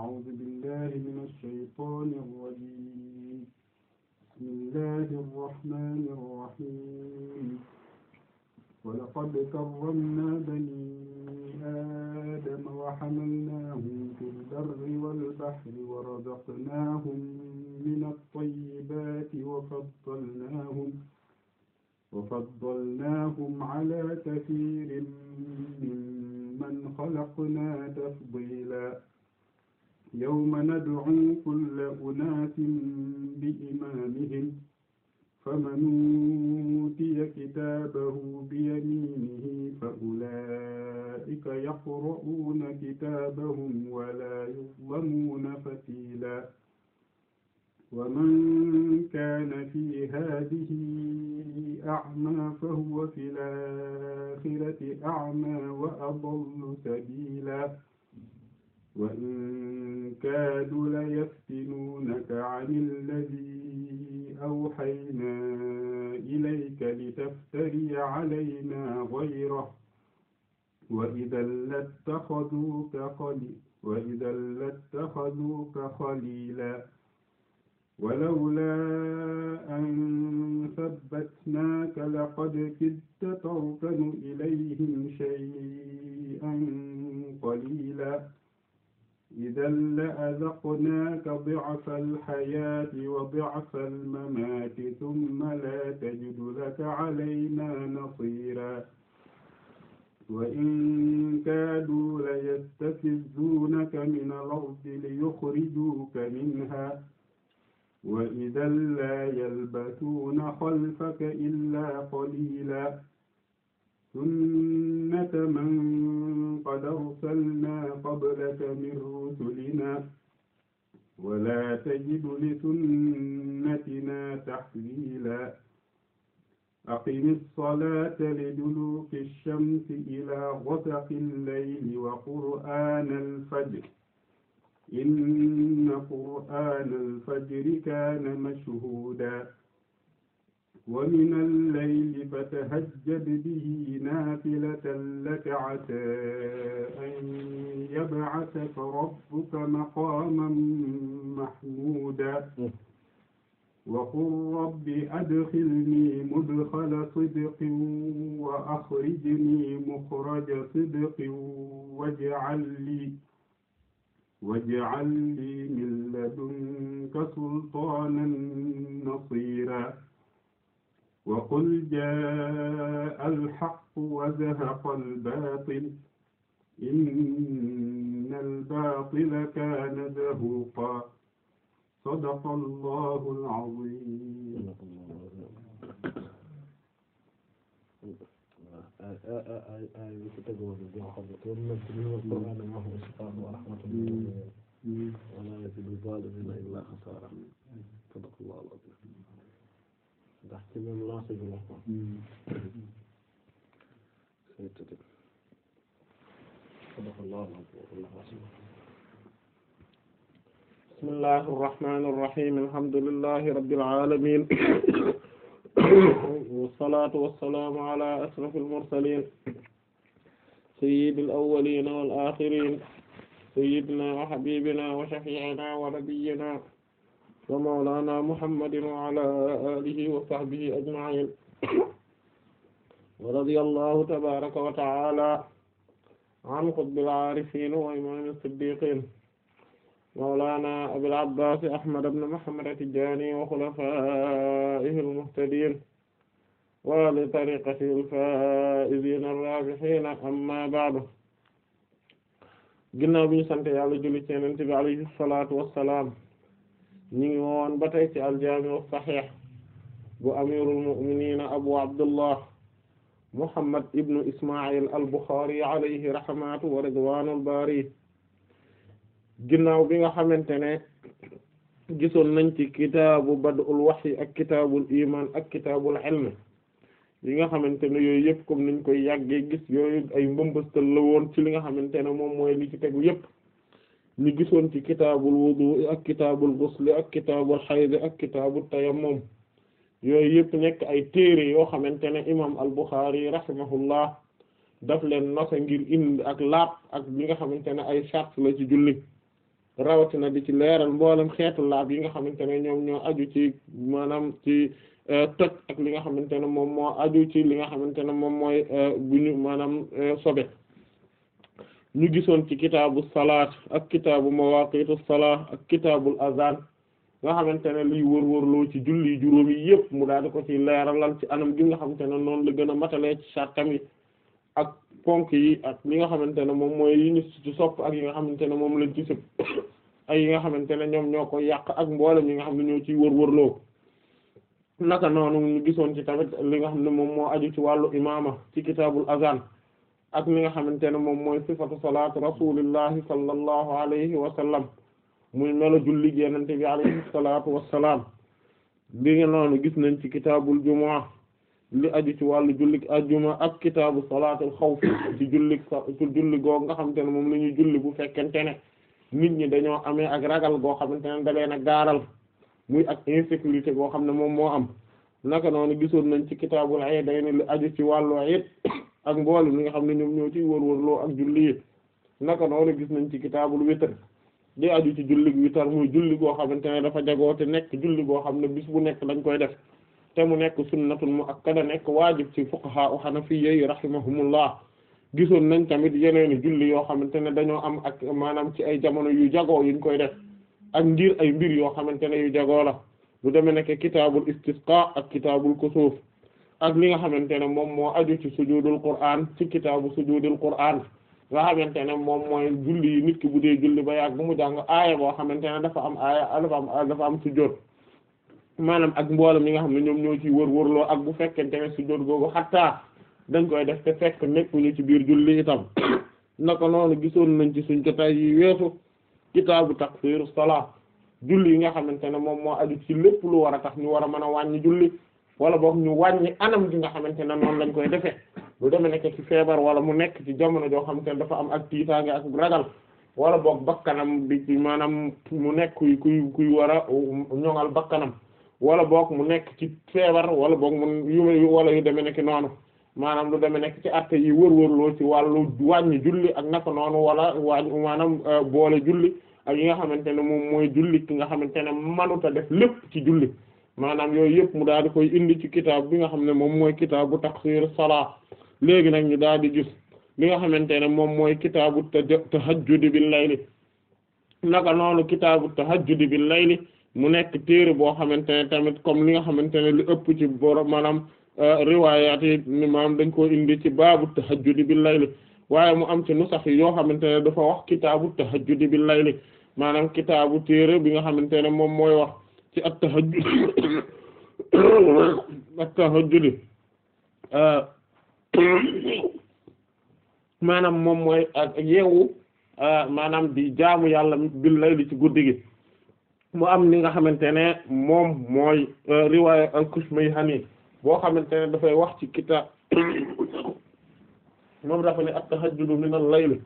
أعوذ بالله من الشيطان الرجيم بسم الله الرحمن الرحيم ولقد كرمنا بني آدم وحملناهم في البر والبحر ورزقناهم من الطيبات وفضلناهم وفضلناهم على كثير ممن خلقنا تفضيلاً يوم ندعو كل أناس بإمامهم فمن أوتي كتابه بيمينه فأولئك يقرؤون كتابهم ولا يظلمون فتيلا ومن كان في هذه أعمى فهو في الآخرة أعمى وأضل سبيلا وإن كادوا ليفتنونك عن الذي أوحينا إليك لتفتري علينا غيره وإذا لاتخذوك خليلا وإذا لاتخذوك خليلا ولولا أن ثبتناك لقد كدت تركن إليهم شيئا قليلا إذا لأذقناك ضعف الحياة وضعف الممات ثم لا تجد لك علينا نصيرا وإن كادوا ليستفزونك من الأرض ليخرجوك منها وإذا لا يلبثون خلفك إلا قليلا سنة من قد أرسلنا قبلك من رسلنا ولا تجد لسنتنا تحويلا أقم الصلاة لدلوك الشمس إلى غسق الليل وقرآن الفجر إن قرآن الفجر كان مشهودا ومن الليل فتهجد به نافلة لك عسى أن يبعثك ربك مقاما محمودا وقل رب أدخلني مدخل صدق وأخرجني مخرج صدق واجعل لي واجعل لي من لدنك سلطانا نصيرا وقل جاء الحق وزهق الباطل إن الباطل كان زهوقا صدق الله العظيم ولا يزيد الظالمين إلا خسارا صدق الله العظيم ndax ci même lancé bi la ko bismillahi irrahmani irrahim alhamdulillahi rabbil alamin wassalatu wassalamu ala ashrafil mursalin sayyidil awwalina wal akhirin sayyidina wa habibina wa shafi'ina wa nabiyyina wa mawlaana muhammadin wa alaa aalihi wa sahbihi ajma'iin wa radiyallahu tabaaraka wa ta'aala an qutbil aarifiin wa imaamil siddiqiin mawlaana abil abbaas ahmad ibn muhammad at-tijaani wa xulafaa'ihil muhtadiin wa li tariiqatihil faa'iziina ar-raabihiin ammaa ba'du ginnaaw bi ñu sant Yàlla julli ci Yonent bi alayhi salaatu wa salaam ñi ngi woon ba tey ci al-Jaami' as-Sahih bu amirul mu'minin Abu Abdullah Muhammad ibnu Isma'il al-Bukhari alayhi rahmatu wa ridwanul bari ginnaaw bi nga xamante ne gisoon nañ ci kitaabu bad'ul wahyi ak kitaabul iman ak kitaabul ilm yi nga xamante ne yooyu yëpp comme niñ koy yàggee gis yooyu ay mbëmbëstal la woon ci li nga xamante ne moom mooy li ci tegu yëpp ñu gisoon ci kitaabul wudu ak kitaabul ghusl ak kitaabul hayd ak kitaabul tayammum yooyu yëpp nekk ay téere yoo xamante ne imaam al-Bukhari rahimahullah daf leen nose ngir indi ak laab ak li nga xamante ne ay charte la ci julli rawatina di ci leeral mboolem xeetu laab yi nga xamante ne ñoom ñoo aju ci maanaam ci euh, toj ak li nga xamante ne moom moo aju ci li nga xamante ne moom mooy euh, bu maanaam euh, sobe ñu gisoon ci kitaabu salaat ak kitaabu mawaaqitu salaat ak kitaabul azan nga xamante ne liy wër-wërloo ci julli juróom yi yëpp mu daal di ko ci leeralal ci anam gi nga xamante ne noonu la gën a matalee ci sartam ak ponk yi ak li nga xamante ne moom mooy yi ñu ci sopp ak yi nga xamante ne moom lañ ci sëpp ak yi nga xamante ne ñoom ñoo ko yàq ak mboolem yi nga xam ne ñoo ciy wër-wërloo naka noonu ñu gisoon ci tamit li nga xam ne moom moo aju ci wàllu imaama ci kitaabul azan ak li nga xamante ne moom mooy sifatu salaatu rasulillahi sallallahu alayhi wa sallam muy melo julli yenente bi alayhi salaatu wassalaam li nga noonu gis nañ ci kitabul juma li aju ci wàllu ak ajjuma ak kitaabu salaatul xawf ci julli ci julli goog nga xamante ne moom la ñuy julli bu fekkente ne nit ñi dañoo amee ak ragal goo xamante ne da leen a gaaral muy ak insécurité goo xam ne moom moo am naka noonu gisoon nañ ci kitaabul iidayni li aju ci wàllu iid ak mboolem li nga xam ne ñoom ñoo ciy wërwërloo ak julli yi naka noonu gis nañ ci kitaabul witr di aju ci jullig witr muy julli goo xamante ne dafa jagoo te nekk julli goo xam ne bis bu nekk dañ koy def te mu nekk mu ak muakkada nekk waajib ci fuqaha u hanafiyya yi rahimahumullah gisoon nañ tamit yeneeni julli yoo xamante ne dañoo am ak maanaam ci ay jamono yu jagoo yuñ koy def ak ngir ay mbir yoo xamante ne yu jagoo la lu demee nekk kitaabul istisqa ak kitaabul kusuuf ak li nga xamante ne moom moo aju ci sujudul qur'an ci kitaabu sujudul qur'an nga xamante ne moom mooy julli yi nit ki bu dee julli ba yàgg bu mu jàng aaya boo xamante ne dafa am aaya dafa am dafa am maanaam ak mboolem yi nga xam ne ñoom ñoo ciy wër wërloo ak bu fekkente ne sujud googu xattaa dañ koy def te fekk nekkuñu ci biir julli itam naka noonu gisoon nañ ci suñ jotaay yi weesu kitaabu takfiru salaa julli yi nga xamante ne moom mooy aju ci lépp lu war a tax ñu war a mën a wàññi julli wala boog ñu wàññi anam gi nga xamante ne noonu lañ koy defee lu deme nekk ci feebar wala mu nekk ci jamono joo xamante ne dafa am ak tiitaange ak ragal wala boog bakkanam bi maanaam mu nekk kuy kuy kuy war a ñoŋal bakkanam wala boog mu nekk ci feebar wala boog mu yu wala yu deme nekk noonu maanaam lu deme nekk ci atte yi wër-wërloo ci wàllu wàññi julli ak naka noonu wala wàññ maanaam euh, boole julli ak yi nga xamante ne moom mooy julli ki nga xamante ne mënut a def lépp ci julli maanaam yooyu yëpp mu daal di koy indi ci kitaab bi nga xam ne moom mooy kitaabu taqsir salaa léegi nag ñu daal di gis li nga xamante ne moom mooy kitaabu tahajjudi bil layli naka noonu kitaabu tahajjudi bil layli mu nekk téere boo xamante ne tamit comme li nga xamante ne li ëpp ci borom maanaam euh, riwaayaat yi maanaam dañ koo indi ci baabu tahajjudi bil layli waaye mu am ci nusax yi yoo xamante ne dafa wax kitaabu tahajjudi bil layli maanaam kitaabu téere bi nga xamante ne moom mooy wax ci at-tahajjud at euh, maanaam moom mooy ak yeewu euh, maanaam di jaamu yàlla bil layli ci guddi gi mu am li nga xamante ne moom mooy euh, riwaaya al-Kushmayhani boo xamante ne dafay wax ci kita moom dafa ne at-tahajjudu min al-layl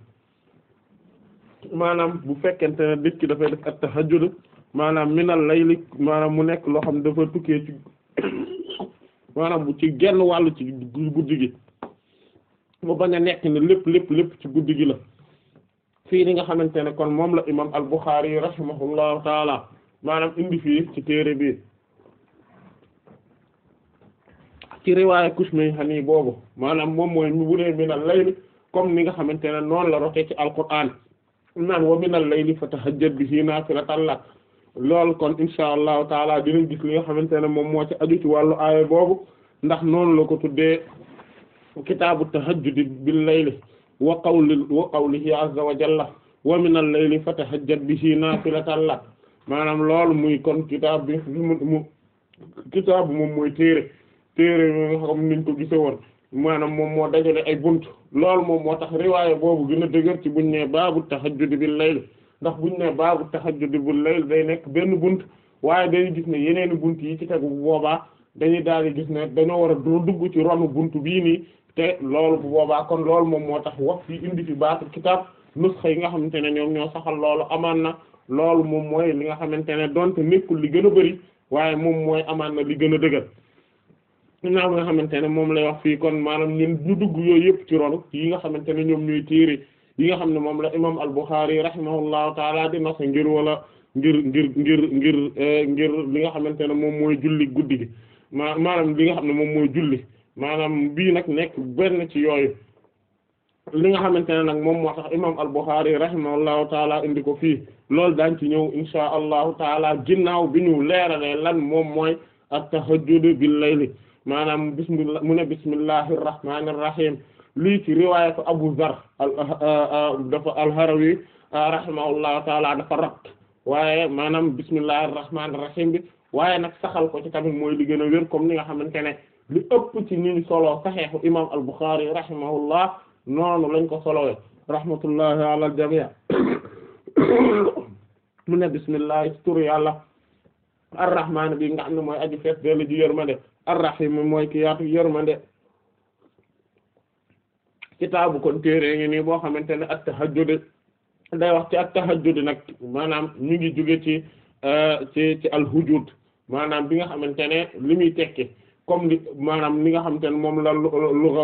maanaam bu fekkente ne nit ki dafay def at-tahajjud maanaam minal layli maanaam mu nekk loo xam dafa tukkee ci maanaam ci genn wàll ci guddi gi mu bañ a nekk lépp lépp lépp ci guddi gi la fii ni nga xamante ne kon moom la imam al-Bukhari rahimahullahu taala maanaam indi fii ci téere bi ci riwaaya Kushmayhani boobu maanaam moom mooy mi bu nee minal layli comme ni nga xamante ne noonu la rote ci alquran naan wa minal layli fatahajjad bihi naafilatan lak lool kon insha allahu taala dinañ gis li nga xamante ne moom moo ci aju ci wàllu aaya boobu ndax noonu la ko tuddee kitaabu tahajjudi bil layli wa qawli wa qawlihi azza wa jalla wa min al layli fatahajjad bihi naafilatan la maanaam lool muy kon kitaab bi mu kitaab moom mooy téere téere bi nga ko gise woon maanaam moom moo dajale ay bunt loolu moom moo tax riwaaya boobu gën a dëgër ci buñ ne baabu tahajjudi bil layli ndax buñ ne baabu tahajjud bu layl day nekk benn bunt waaye dañuy gis ne yeneeni bunt yi ci tegu bu boobaa dañuy daal di gis ne dañoo war a dugg ci ronu bunt bii nii te loolu bu boobaa kon loolu moom moo tax wax fi indi fi baatu kitaab nusxa yi nga xamante ne ñoom ñoo saxal loolu amaan na loolu moom mooy li nga xamante ne donte nekkul li gën a bari waaye moom mooy amaan na li gën a dëgër naa nga xamante ne moom lay wax fii kon maanaam ñun ñu dugg yooyu yëpp ci ronu yi nga xamante ne ñoom ñuy tiiri yi nga xam ne moom la imam al-Bukhari rahimahullahu taala di nas ngir wala ngir ngir ngir ngir eh, ngir li nga xamante ne moom mooy julli guddi gi ma maanaam li nga xam ne moom mooy julli maanaam bii nag nekk benn ci yooyu li nga xamante ne nag moom moo tax imam al-Bukhari rahimahullahu taala indi ko fii loolu daañ ci ñëw insha allahu taala ginnaaw bi ñu leeralee lan moom mooy at-tahajjud layli maanaam bismillah mu ne bismillahir rahmanir lii ci riwaayatu Abu Zar ah, ah, ah, dafa al-Harawi rahimahullahu taala dafa rot waaye maanaam bismillahir rahmanir rahim bi waaye nag saxal ko ci tamit mooy li gën a wér comme ni nga xam ne li ëpp ci ni ñu solo saxeexu imaam al-Bukhari rahimahullah noonu lañ ko solowee rahmatullahi ala al-jami' mu ne bismillah tur yàlla ar-rahman bi ki yaatu yërmande kitaabu kon téere ngi nii boo xamante ne at-tahajjud day wax ci at-tahajjud nag maanaam ñu ngi jóge ci euh, ci ci al-hujud maanaam bi nga xamante ne li muy tekki comme li maanaam li nga xamante ne moom la lugha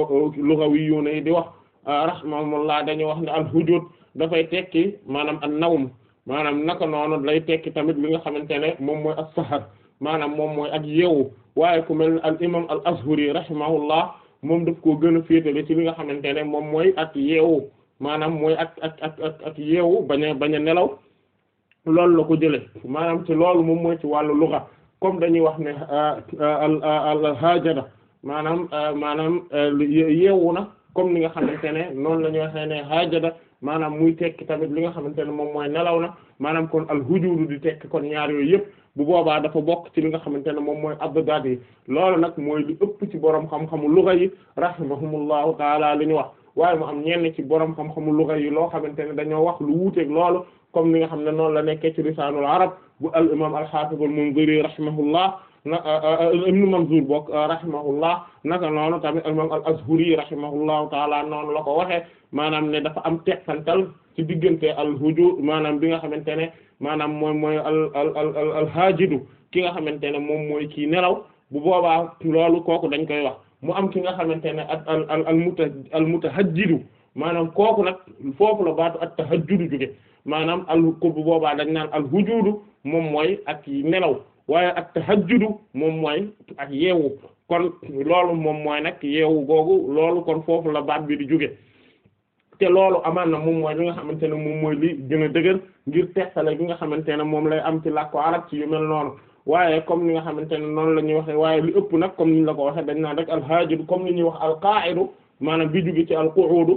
lughawiyuuna yi di wax euh, rahimahumullah dañuy wax ne al-hujud dafay tekki maanaam an-nawm maanaam naka noonu lay tekki tamit li nga xamante ne moom mooy as-sahar maanaam moom mooy ak yeewu waaye ku mel ne al imam al-Azhari rahimahullah moom daf koo gën a féetale ci li nga xamante ne moom mooy ak yeewu maanaam mooy ak ak ak ak ak yeewu bañ a bañ a nelaw loolu la ko jële maanaam ci loolu moom mooy ci wàllu luga comme dañuy wax ne ah, ah, al hajada ah, maanaam maanaam yeewu na comme ni nga xamante ne noonu la ñu waxee ne hajada maanaam muy tekki tamit li nga xamante ne moom mooy nelaw na maanaam kon al hujudu di tekki kon ñaar yooyu yëpp bu boobaa dafa bokk ci li nga xamante ne moom mooy abdadaat yi loolu nag mooy li ëpp ci borom xam-xamu luga yi rahimahumullahu taala li ñu wax waaye mu am ñenn ci borom xam-xamu luga yi loo xamante ne dañoo wax lu wuuteeg loolu comme li nga xam ne noonu la nekkee ci lisaanul arab bu al imam al hafiz al munziri rahimahullah ibn Manzur bokk rahimahullah naka noonu tamit imam al-Azhari rahimahullahu taala noonu la ko waxee maanaam ne dafa am teqsantal ci diggante al-huju maanaam bi nga xamante ne maanaam mooy mooy al al ki nga xamante ne moom mooy kii nelaw bu boobaa loolu kooku dañ koy wax mu am ki nga xamante ne al al al al muta al mutahajjidu maanaam kooku nag foofu la baatu at tahajjudu jóge maanaam al bu boobaa dañ naan al-hujudu moom mooy ak nelaw. waaye ak tahajjudu moom mooy ak yeewu kon loolu moom mooy nag yeewu googu loolu kon foofu la baat bi di jóge te loolu amaan na moom mooy li nga xamante ne moom mooy li gën a dëgër ngir teqale gi nga xamante ne moom lay am ci làkku arab ci yu noonu waaye comme li nga xamante ne noonu la ñuy waxee waaye li ëpp nag comme niñ la ko waxee dañ naan rek alhaajidu comme li ñuy wax alqaa'idu maanaam bi jóge ci alqu'uudu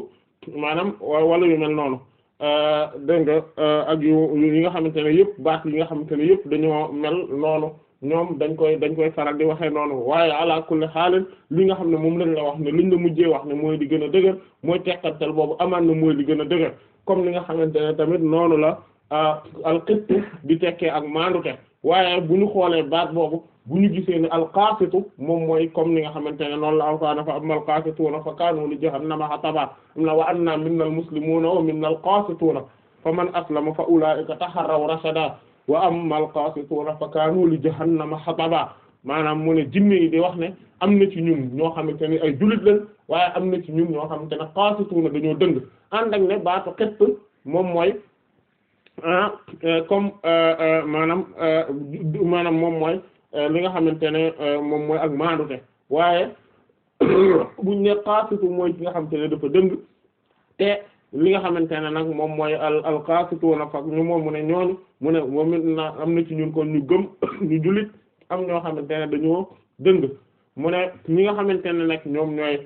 maanaam wala yu mel noonu Euh, dégg nga euh, ak yu yi nga xamante ne yëpp baax yi nga xamante ne yëpp dañoo mel noonu ñoom dañ koy dañ koy faral di waxee noonu waaye ala kulli xaalin li nga xam ne moom lañ la wax ne liñ la mujjee wax ne mooy di gën a dëgër mooy tekkatal boobu amaan na mooy li gën a dëgër comme li nga xamante ne tamit noonu la euh, al di tekkee ak maandute waaye bu ñu xoolee baat boobu bu ñu gisee ne alqaasitu moom mooy comme ni nga xamante ne noonu la alqaana fa amma alqaasituuna fa kaanu li jahannama hataba am na wa anna minna almuslimuuna wa minna alqaasituuna fa man na fa ulaa'ika taharraw rashada wa amma alqaasituuna fa kaanu li jahannama hataba maanaam mu ne jinne yi di wax ne am na ci ñun ñoo xamante ne ay jullit lañ waaye am na ci ñun ñoo xamante ne qaasituuna dañoo dëng ànd ak ne baatu xett moom mooy Ah, euh, comme euh, euh, maanaam maanaam moom mooy li nga xamante ne moom mooy ak maandute waaye buñ ne qaasitu mooy ki nga xamante ne dafa dëng te li nga xamante ne nag moom mooy al al qaasituuna fa moom mu ne ñooñu mu ne moom na am na ci ñun kon ñu gëm ñu jullit am ñoo xamante ne dañoo dëng mu ne ñi nga xamante ne nekk ñoom ñooy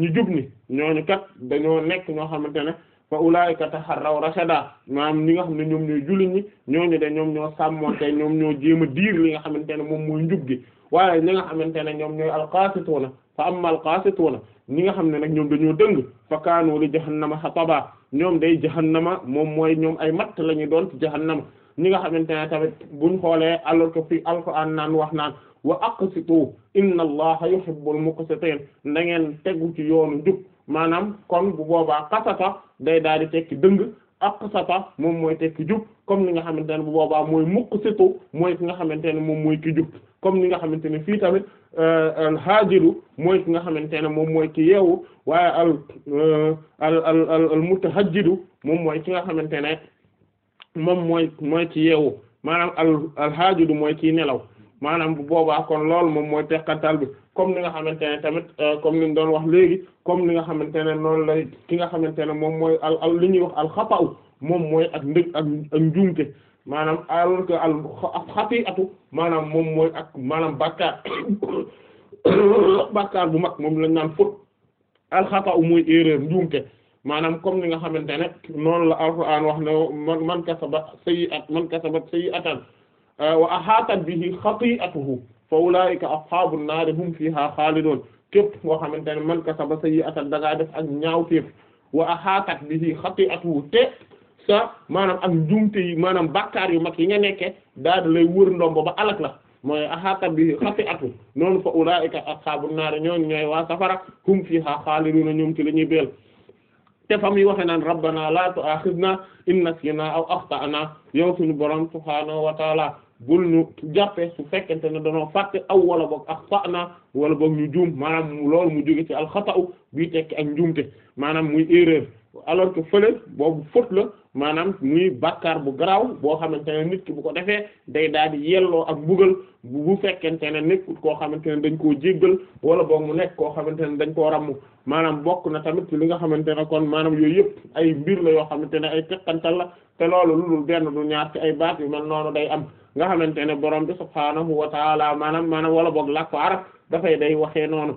ñu jub ni ñooñu kat dañoo nekk ñoo xamante ne fa ulaa'ika taharraw rashada maanaam ñi nga xam ne ñoom ñooy jullit ñi ñooñu de ñoom ñoo sàmmonte ñoom ñoo jéema a diir li nga xamante ne moom mooy njub gi waaye ñi nga xamante ne ñoom ñooy alqaasituuna fa amma alqaasituuna ñi nga xam ne nag ñoom dañoo dëng fa kaanu li jahannama hataba ñoom day jahannama moom mooy ñoom ay matt la ñu doon ci jahannama ñi nga xamante ne tamit buñ xoolee ko que fii alquran naan wax naan wa aqsitu inna allaha yuhibbul muqsitin na ngeen tegu ci yoonu njub maanaam kon bu boobaa kasata day daal di tekki dëng ak kasata moom mooy tekki jub comme ni nga xamante ne bu boobaa mooy mukk situ mooy ki nga xamante ne moom mooy ki jub comme ni nga xamante ne fii tamit euh, al haajiru mooy ki nga xamante ne moom mooy ki yeewu waaye al euh, al al al moom mooy ki nga xamante ne moom mooy mooy ki yeewu maanaam al al haajiru mooy ki nelaw maanaam bu boobaa kon loolu moom mooy tekkatal bi comme ni nga xamante ne tamit euh, comme ni mu doon wax léegi comme ni nga xamante ne noonu lay ki nga xamante ne moom mooy al al li ñuy wax alxapaw moom mooy ak ndëg ak ak njuumte maanaam alors que al xati atu maanaam moom mooy ak maanaam bàkkaar bàkkaar bu mag moom lañ naan faute alxapaw mooy erreur njuumte maanaam comme ni nga xamante ne noonu la alxuraan wax ne man man kasaba sayyi'at man kasabat sayyi'atan euh, wa ahatat bihi xati'atuhu fa ulaa'ika ashaabun naari hum fiihaa xaalidoon képp koo xamante ne man kasaba sayyi'atan da ngaa def ak ñaawteef wa ahaatat bihi xati'atuhu te sa maanaam ak njuumte yi maanaam bakkaar yu mag yi nga nekke daal lay wër ndombo ba alak la mooy ahaatat bihi xati'atu noonu fa ulaa'ika ashaabun naari ñooñu ñooy waa safara hum fiihaa xaalidoon ñoom ci la ñuy beel te fa muy waxe naan rabbana la tu'aaxidna in nasiina aw axta'na yow suñu borom subhaanahu wa bu ñu jàppee su fekkente ne danoo fàtte aw wala boog ak fa wala boog ñu juum maanaam loolu mu jóge ci alxata'u bii tekki ak juumte maanaam muy erreur alors que fële boobu faute la maanaam muy bàkkaar bu garaaw boo xamante ne nit ki bu ko defee day daal di yelloo ak mbugal bu fekkente ne nekkul koo xamante ne dañ koo jéggal wala boog mu nekk koo xamante ne dañ koo ràmm maanaam bokk na tamit ci li nga xamante ne kon maanaam yooyu yëpp ay mbir la yoo xamante ne ay teqantal la te loolu lu dul benn du ñaar ci ay baat yu mel noonu day am nga xamante ne borom bi subhaanahu wa taala maanaam maanaam wala boog làkk ko dafay day waxee noonu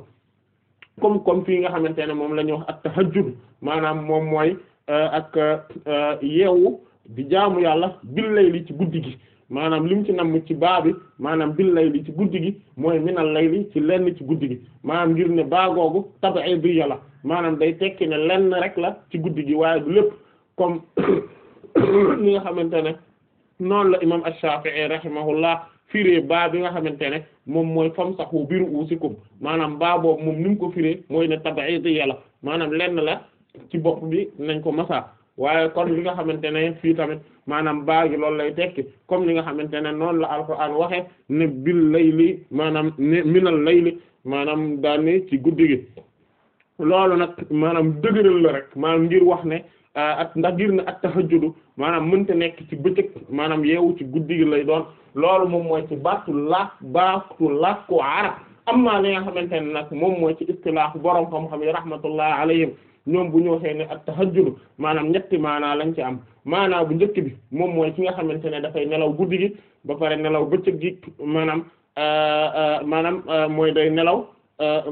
comme comme fii nga xamante ne moom la ñuy wax ak tahajjud maanaam moom mooy euh, ak euh, yeewu di jaamu yàlla bil layli ci guddi gi maanaam lim ci namm ci baa bi maanaam bil layli ci guddi gi mooy minal layli ci lenn ci guddi gi maanaam ngir ne baa googu tab'idiyya la maanaam day tekki ne lenn rek la ci guddi gi waaye du lépp comme li nga xamante ne noonu la imam ash-Shafi'i rahimahullah firee baa bi nga xamante ne moom mooy wu bi ru'usikum maanaam baa boobu moom ni ko firee mooy ne tab'idiyya la maanaam lenn la ci bopp bi nañ ko masa waaye kon bi nga xamante ne fii tamit maanaam baa gi loolu lay tekki comme li nga xamante ne noonu la alquran waxe ne bil layli maanaam ne minal layli maanaam daane ci guddi gi loolu nag maanaam dëgëral la rek maanaam ngir wax ne Euh, ak ndax ngir ne ak tahajjudu maanaam mënta nekk ci bëccëg maanaam yeewu ci guddi gi lay doon loolu moom mooy ci baatu làkk baatu làkku arab amma li nga xamante ne nag moom mooy ci istilaahu borom xam-xam yi rahmatullah alayhim ñoom bu ñu waxee ne at tahajjudu maanaam ñetti maanaa lañ ci am maanaa bu njëkk bi moom mooy ki nga xamante ne dafay nelaw guddi gi ba pare nelaw bëccëg gi maanaam euh, euh, maanaam mooy day nelaw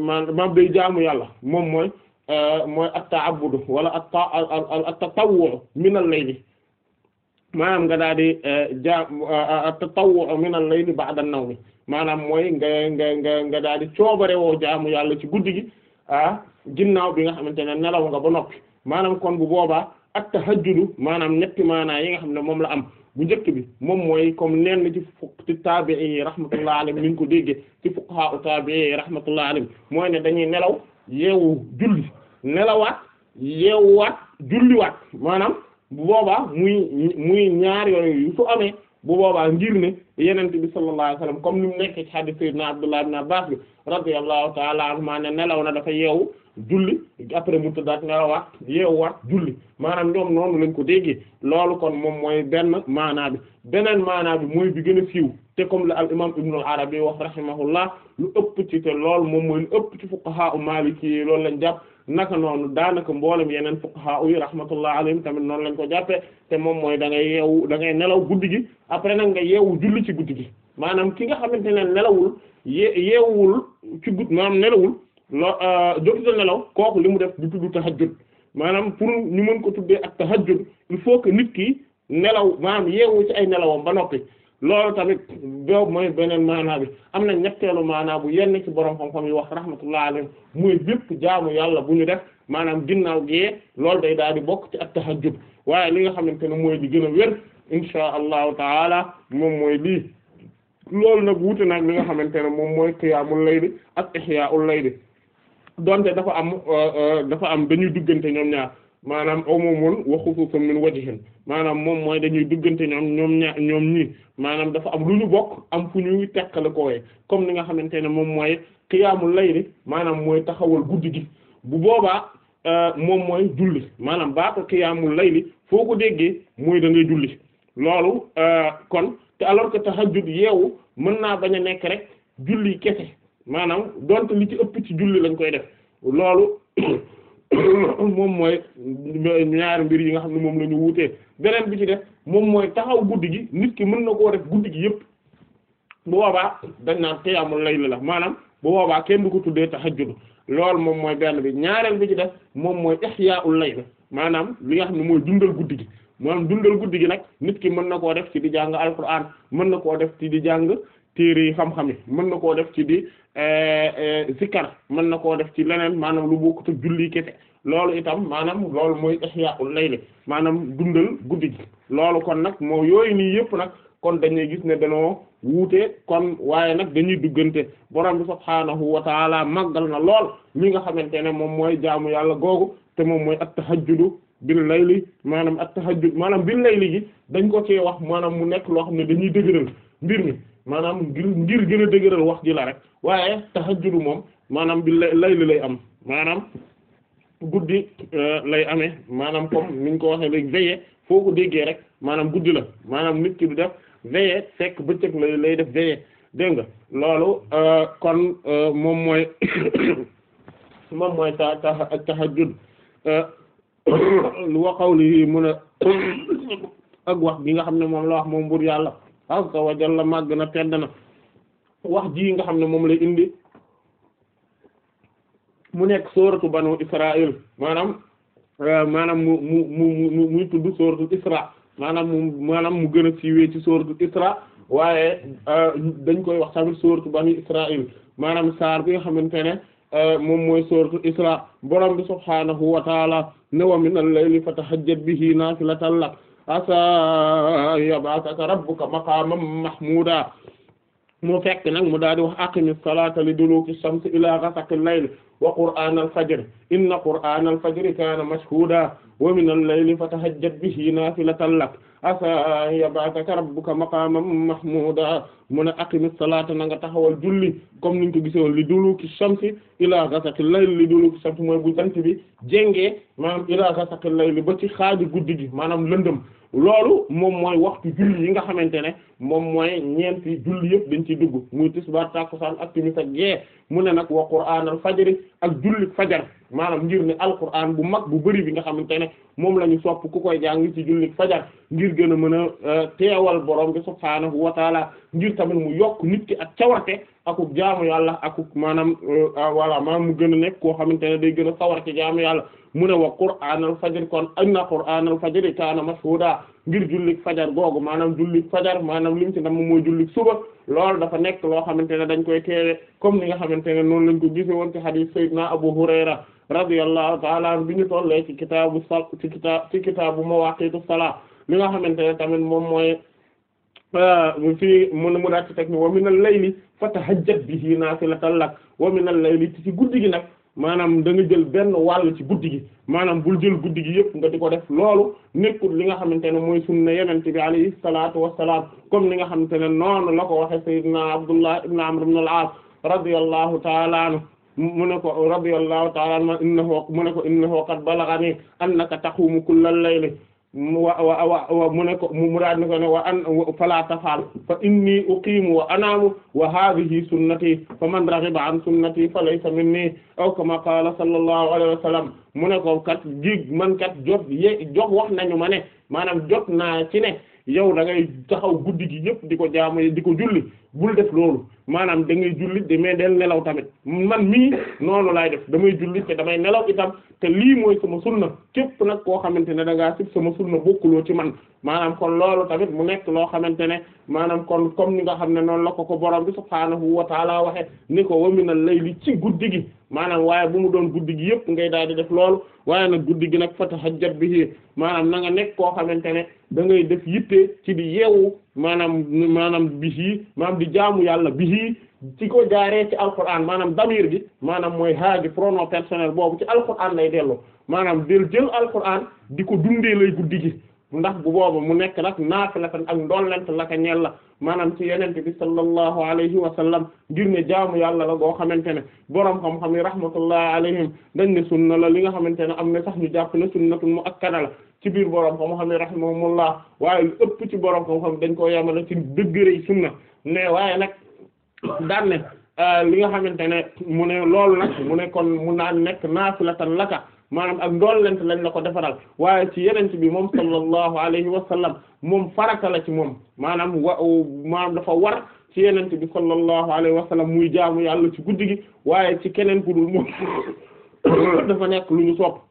maanaam day jaamu yàlla moom mooy. Euh, mooy at-ta'abbud wala at-tatawwu' min al-layl maanaam nga daal di euh, ja euh, at-tatawwu' min al-layl ba'da an-nawm maanaam mooy nga nga nga nga daal di coobare woo jaamu yàlla ci guddi gi ah ginnaaw bi nga xamante ne nelaw nga ba noppi maanaam kon bu boobaa ak tahajjudu maanaam ñetti maanaa yi nga xam ne moom la am bu njëkk bi moom mooy comme nenn ci fukk ci taabi'i yi rahmatullah alayhim ni ñu ko déggee ci fuqaha taabi'i yi rahmatullah alayhim mooy ne dañuy nelaw yeewu julli nelawaat yeewuwaat julliwaat maanaam bu boobaa muy muy ñaar yooyu su amee bu boobaa ngir ne yeneen bi sallallahu alayhi wasallam comme ni mu nekk ci hadith sayyidina Abdullah ibn Abbas bi radiyallahu ta'ala anhuma ne nelaw na dafa yeewu julli après mu tëddaat nelawaat yeewuwaat julli maanaam ñoom noonu lañ ko déggee loolu kon moom mooy benn maanaa bi beneen maanaa bi mooy bi gën a siiw te comme la al imam ibnu al wax rahimahullah lu ëpp ci te lool moom mooy lu ëpp ci fuqaha u maliki yi loolu lañ jàpp naka noonu daanaka mboolem yeneen fuqaha yi rahmatullah alayhim tamit noonu lañ ko jàppee te moom mooy dangay ngay yeewu da nelaw guddi gi après nag nga yeewu julli ci guddi maanaam ki nga xamante ne nelawul ye ci guddi maanaam nelawul loo euh, jotuta nelaw kooku li mu def du tudd tahajjud maanaam pour ñu mën ko tuddee ak tahajjud il faut que nit ki nelaw maanaam yeewu ay nelawam ba loolu tamit boobu mooy beneen maanaa bi am na ñetteelu maanaa bu yenn ci borom xam-xam yi wax rahmatullah alayhi muy bépp jaamu yàlla bu ñu def maanaam ginnaaw gee loolu day daal di bokk ci at-tahajjud waaye li nga xamante ne mooy di gën a wér insha allahu taala moom mooy lii loolu nag wuute nag li nga xamante ne moom mooy qiyaamul layli ak lay layli donte dafa am euh, euh, dafa am dañuy diggante ñoom ñaar maanaam umumun wa ko min wajhin maanaam moom mooy dañuy duggante ñoom ñoom ñaar ñoom ñi maanaam dafa am lu ñu bokk am fu ñuy teqale kooyee comme ni nga xamante ne moom mooy qiyaamul layli maanaam mooy taxawal guddi gi bu boobaa euh, moom mooy julli maanaam baata qiyaamul layli foo ko déggee mooy da ngay julli loolu euh, kon te alors que tahajjud yeewu mën naa bañ a nekk rek julli kese maanaam donte li ci ëpp ci julli lañ koy def loolu moom mooy ñaari mbir yi nga xam ne moom la ñu beneen bi ci def moom mooy taxaw guddi gi nit ki mën na koo def guddi gi yëpp bu boobaa dañ naan xiyaamul layl la maanaam bu boobaa kenn du ko tuddee tahajjud loolu moom mooy benn bi ñaareel bi ci def moom mooy ihyaa'ul layl maanaam li nga xam ne mooy dundal guddi gi maanaam dundal guddi gi nag nit ki mën na koo def ci di jàng alquran mën na koo def ci di jàng téere yi xam-xam yi mën na koo def ci di eh, eh, zikar mën na koo def ci leneen maanaam lu bokkut ak julli kese loolu itam maanaam lool mooy ihyaa'ul layl maanaam dundal guddi gi loolu kon nag moo yooyu nii yëpp nag kon dañuy gis ne dañoo wuute kon waaye nag dañuy duggante borom bi subhaanahu wa taala màggal na lool mi nga xamante ne moom mooy jaamu yàlla googu te moom mooy at-tahajjudu bil layli maanaam at-tahajjud maanaam bil layli gi dañ ko cee wax maanaam mu nekk loo xam ne dañuy dëgëral mbir mi maanaam ngir ngir gën a dëgëral wax ji la rek waaye tahajjudu moom maanaam bi layli lay am maanaam guddi euh, lay ame maanaam comme niñ ko waxee léegi veillée foo ko déggee rek maanaam guddi la maanaam nit ki du def veillée fekk bëccëg lay lay def veillée dégg nga loolu euh, kon euh, moom mooy moom mooy ta ta tahajjud wa mun a ak wax gi nga xam ne moom la wax moom bur yàlla azza wa la màgg na tedd na wax ji nga xam ne moom lay indi mu nekk sooratu banu Israël maanaam euh, maanaam mu mu mu mu muy maanaam mu maanaam mu gën a siiwee ci sooratu Isra waaye euh, dañ koy wax tamit sooratu banu Israël maanaam saar bi nga xamante ne euh, moom mooy sooratu Isra borom bi subhaanahu wa taala ne wa minal layli fatahajjad bihi naafilatan lak asaa yab'athaka rabbuka maqaman mahmuda mu fekk nag mu daal di wax aqimis salata li duluki shamsi ila ghasaqil layl wa qur'aan al-fajr inna qur'aan al-fajri kaana mashhuuda wa min al-layli fatahajjad bihi naafilatan lak asaa an yab'athaka rabbuka maqaaman mahmuuda mu ne aqimi salaata na nga taxawal julli comme niñ ko gisoon li duluki shamsi ilaa ghasaqil layl li duluki shamsi mooy bu bi jéngee maanaam ilaa ghasaqil layl ba ci xaaju guddi gi maanaam lëndëm loolu moom mooy waxtu julli yi nga xamante ne moom mooy ñeenti julli yëpp dañ ciy dugg muy tisbaar takkusaan ak timis ak gee mu ne nag wa qur'aanal fajri ak julli fajar maanaam ngir ne alquran bu mag bu bëri bi nga xamante ne moom lañu sopp ku koy jàng ci jullit fajar ngir gën a mën a euh, teewal borom bi subhaanahu wa taala ngir tamit mu yokk nit ki ak cawarte akub jaamu yàlla akub maanaam euh, ah, voilà maanaam mu gën nekk koo xamante ne day gën a sawar ci jaamu yàlla mu ne wa qur'aanal fajr kon inna qur'aanal fajri kaana mashhuuda ngir jullit fajar googu maanaam jullit fajar maanaam lim ci ndam mooy jullit suba lool dafa nekk loo xamante ne dañ koy teewe comme ni nga xamante ne noonu lañ ko gise woon ci hadith sayyidina Abu Hurayra radiyallahu ta'ala an bi ñu tollee ci kitaabu sal ci kitaab ci kitaabu mawaaqiitu salaa li nga xamante ne tamit moom mooy euh, fii mun mun a ci teg ni wa minal layli fatahajjat bihi naafilatan lak wa minal layli ci guddi gi nag maanaam da jël benn wàll ci guddi gi maanaam bul jël guddi gi yëpp nga di ko def loolu nekkul li nga xamante ne mooy sunna yenente bi alayhi salaatu wassalaam comme li nga xamante ne noonu la ko waxe sayyidina Abdullah ibn Amr ibn al-As radiyallahu ta'ala anhu mu ne ko radiyallahu ta'ala anhu innahu mu ne ko innahu qad balaghani annaka taqumu kullal layli wa wa wa mu ne ko mu raad ne ko ne wa an fala tafal fa inni uqimu wa anamu wa hadhihi sunnati fa man raghiba an sunnati fa laysa minni aw kama qala sallallahu alayhi wa sallam mu ne ko kat jig man kat jot ye jox wax nañu ma ne maanaam jot naa ci ne yow da ngay taxaw guddi gi yëpp di ko jaamu di ko julli bul def loolu maanaam da ngay julli de mais del nelaw tamit man mii noonu laay def damay julli te damay nelaw itam te lii mooy sama na képp nag koo xamante ne da ngaa sib sama sunna ci man maanaam kon loolu tamit mu nekk loo xamante ne maanaam kon comme ni nga xam ne noonu la ko ko borom bi subhaanahu wa taala waxe ni ko waminal lay li ci guddi gi maanaam waaye bu mu doon guddi gi yëpp ngay daal di def loolu waaye nag guddi gi nag fatahajjat bihi maanaam na nga nekk koo xamante ne da ngay def yitte ci di yeewu maanaam maanaam bihi maanaam di jaamu yàlla bihi ci ko jaaree ci alquran maanaam damir gi maanaam mooy haaji pronom personnel boobu ci alquran lay dellu maanaam del jël alquran di ko dundee lay guddi gi ndax bu booba mu nekk nag naafilatan ak ndollent la ka ñeel la maanaam ci yenente bi sallallahu alayhi wa sallam ngir ne jaamu yàlla la goo xamante ne boroom xam-xam yi rahmatullah alayhim dañ ne sunna la li nga xamante ne am na sax ñu jàpp ne sunnatun muakkada la ci biir borom xam-xam yi rahimahumullah waaye lu ëpp ci borom xam-xam dañ koo yemale ci dëgg-dëgg na mais waaye nag daan euh, li nga xamante ne mu ne lool nag mu ne kon mu naan nekk naafilatan laka maanaam ak dool ndoollent lañ la ko defaral waaye ci yeneen bi moom sallallahu alayhi wa sallam moom farata la ci moom maanaam wa maanaam dafa war ci yeneen bi sallallahu alayhi wa sallam muy jaamu yàlla ci guddi gi waaye ci keneen ku dul moom dafa nekk lu ñu sopp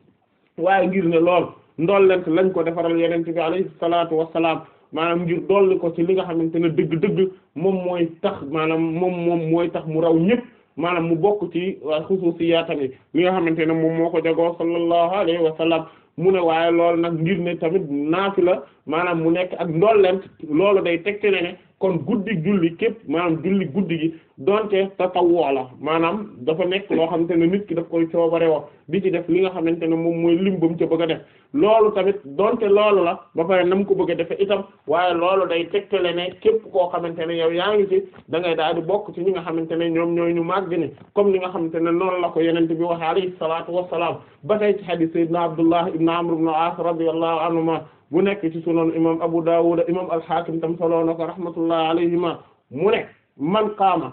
ngir lool ndollent lañ ko defaral yonent bi alayhi salaatu wassalaam maanaam ngir dolli ko ci li nga xamante ne dëgg-dëgg moom mooy tax maanaam moom moom mooy tax mu raw ñëpp maanaam mu bokk ci xusuusiyaatam yi li nga xamante ne moom moo ko jagoo sallallahu alayhi wa sallam mu ne waaye lool nag ngir ne tamit naafila maanaam mu nekk ak ndollent loolu day tegtale ne kon guddi julli képp maanaam julli guddi gi donte tatawoo la maanaam dafa nekk loo xamante ne nit ki daf koy coobare wax di ci def li nga xamante ne moom mooy lim ba mu ca bëgg a def loolu tamit donte loolu la ba pare na mu ko bëgg a defe itam waaye loolu day tegtale ne képp koo xamante ne yow yaa ngi ci da ngay daal di bokk ci ñi nga xamante ne ñoom ñooy ñu màgg ni comme li nga xamante ne noonu la ko yenente bi wax alayhi salaatu wassalaam ba tey ci hadith sayyidina Abdullah ibn Amr ibn As radiyallahu anhuma bu nekk ci sunan imam Abu Dawud imam al-Hakim tam solo na ko rahmatullah alayhima mu ne man qaama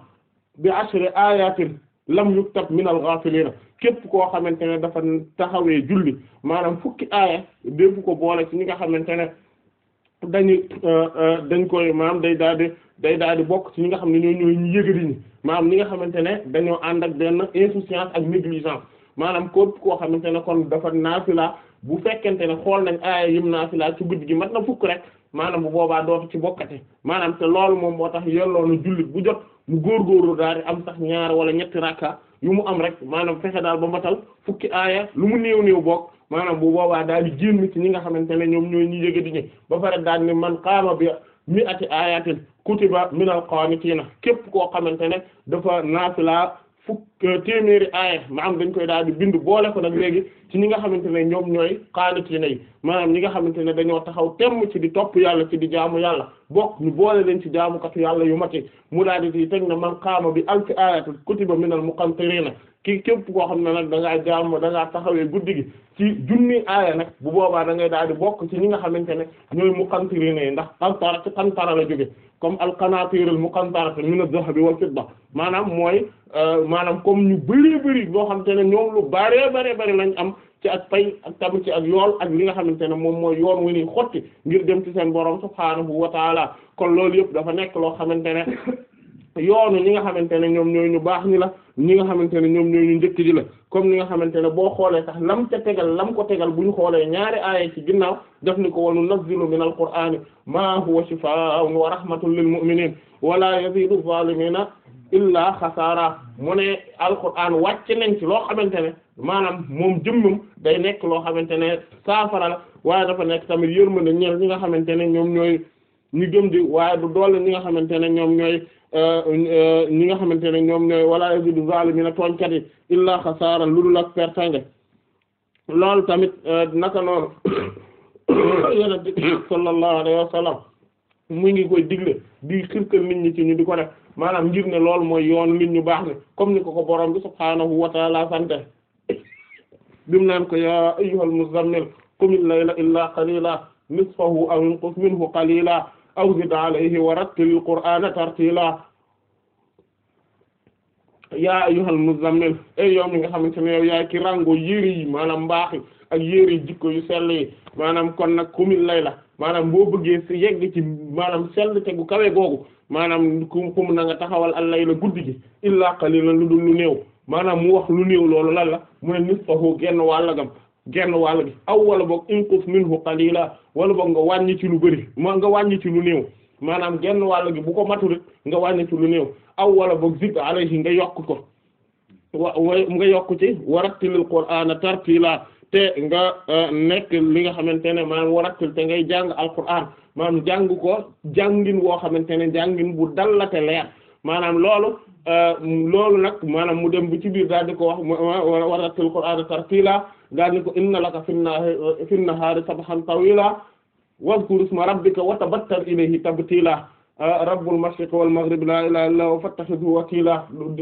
bi ashri ayatin lam yuktab min al-ghafilina képp koo xamante ne dafa taxawee julli maanaam fukki aaya dépp ko boole ci ñi nga xamante ne dañu euh, euh, dañ koy maanaam day daal di day daal di bokk ci ñi nga xam ne ñoo ñooy ñu yëgëri ñi maanaam ñi nga xamante ne dañoo ànd ak benn insouciance ak négligence maanaam képp koo xamante ne kon dafa naafila bu fekkente ne xool nañ aaya yim naafila ci guddi gi mat na fukk rek maanaam bu boobaa dootu ci bokkate maanaam te loolu moom moo tax yelloo na jullit bu jot mu góorgóorlu daal di am sax ñaar wala ñetti rakka yu mu am rek maanaam fexe daal ba matal fukki aaya lu mu néew néew bokk maanaam bu boobaa daal di génn ci ñi nga xamante ne ñoom ñooy ñi yëga di ñi ba pare daal ni man qaama bi mi ati aayatin kutiba minal qaanitiina képp koo xamante ne dafa fukk euh, téeméeri aaya maanaam dañ koy daal di bind boole ko nag léegi ci ñi nga xamante ne ñoom ñooy qaanitiin yi maanaam ñi nga xamante ne dañoo taxaw temm ci di topp yàlla ci di jaamu yàlla bokk ñu boole leen ci jaamukatu yàlla yu mati mu daal di teg na man kaama bi alfi ayatin kutiba minal muqantiriina ki képp koo xam ne nag da ngaa jaamu da ngaa taxawee guddi gi ci junni aaya nag bu boobaa da ngay daal di bokk ci ñi nga xamante ne ñooy muqantirina yi ndax qantara ci qantara la jóge comme alqanatirul muqantaratu min az-zahabi wal fidda maanaam mooy euh, maanaam comme ñu bari bari boo xam te ne ñoom lu bare bare bare lañ am ci ak pay ak tamit ci ak yool ak li nga xamante ne moom mooy yoon wi ni xotti ngir dem ci seen borom subhaanahu wa taala kon loolu yëpp dafa nekk loo xamante ne yoonu ñi nga xamante ne ñoom ñooy ñu baax ñi la ñi nga xamante ne ñoom ñooy ñu njëkk ji la comme ni nga xamante ne boo xoolee sax lam ca tegal lam ko tegal bu ñu xoolee ñaari aaya ci ginnaaw def ni ko wanu nazzilu min al qur'ani ma huwa shifaa'un wa rahmatun lil mu'minin wala yazidu zalimina illa xasaara mu ne alquran wàcc nañ ci loo xamante ne maanaam moom jëmmum day nekk loo xamante ne saafara la waaye dafa nekk tamit yërmande ñeel ñi nga xamante ne ñoom ñooy ñu gëm waaye du doole ñi nga xamante ne ñoom ñooy Euh, euh, ñi nga xamante ne ñoom ñooy wala yazidu zaalimiina tooñkat yi illaa xasaaran lu dul pertange loolu tamit euh, naka noonu yonent bi sallallahu alayhi ngi koy digle di xirtal nit ñi ci ñu di ko def maanaam ngir ne loolu mooy yoon nit ñu baax ni comme ni ko ko borom bi subhaanahu wa ta'ala sante bim naan ko yaa ayyuhal muzammil layla illaa qaliila nisfahu aw inqus minhu qaliila aw zid alayhi wa rattilil qur'ana tartila yaa ayyuhal muzammil ay yow mi nga xamante ne yow yaay ki rango yére yi maanaam mbaaxi ak yére jikko yu sell yi maanaam kon nag kumil lay la maanaam boo bëggee yegg ci maanam sell tegu gu kawe googu maanaam kum kum na nga taxawal allay la guddi gi illaa qalilan lu dul lu néew maanaam mu wax lu néew loolu lan la mu ne nisfahu genn wàllagam genn wàll gi aw wala boog inqus minhu qalila wala boog nga wàññi ci lu bëri ma nga wàññi ci lu néew maanaam genn wàll gi bu ko matul nga wàññi ci lu néew aw wala boog zid alayhi nga yokk ko wa nga yokk ci warattilil qur'ana tartila te nga e, nekk li nga xamante ne maanaam warattil te ngay jàng alquran maanaam jàng ko jàngin woo xamante ne jàngin bu dal la te leer maanaam loolu Euh, loolu nag maanaam mu dem bu ci biir daal di ko wax wa rattil qur'aana tartiila daal di ko inna laka fi nnahaari sabhan tawiila wazkur isma rabbika wa tabattal ilayhi tabtiila euh, rabbul mashriqi wal maghribi laa ilaaha illaa huwa fattakhidhu wakiila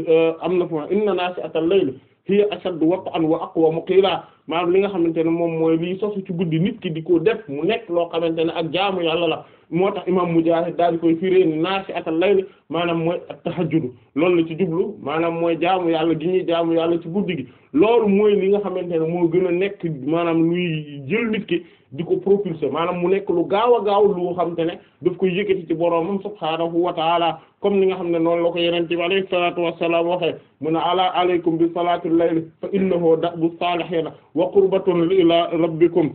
euh, am na fa inna naashi'atal layli hiya ashaddu wat'an wa aqwamu qiila maanaam li nga xamante ne moom mooy liy sosu ci guddi nit ki di ko def mu nekk loo xamante ne ak jaamu yàlla la moo tax imaam Mujaahid daal di koy firée ni naasi ak maanaam mooy at loolu la ci jublu maanaam mooy jaamu yàlla gi ñuy jaamu yàlla ci guddi gi loolu mooy li nga xamante ne moo gën a nekk maanaam luy jël nit ki di ko propulser maanaam mu nekk lu gaaw a gaaw lu xamante ne daf koy yëkkati ci boroomam subhaanahu wa ta'ala comme ni nga xam ne noonu la ko yeneen bi alayhi salaatu wassalaam waxee mu ne ala aleykum bi salaatul layli fa innahu da'bu saalihiina wa qurbatun ila rabbikum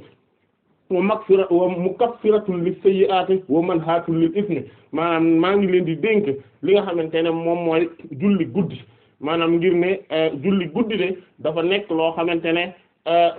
wa magfira wa mukaffiratun lis sayyi'ati wa manhatun lil ithmi maanaam maa ngi leen di dénk li nga xamante ne moom mooy julli guddi maanaam ngir ne euh, julli guddi de dafa nekk loo xamante ne euh,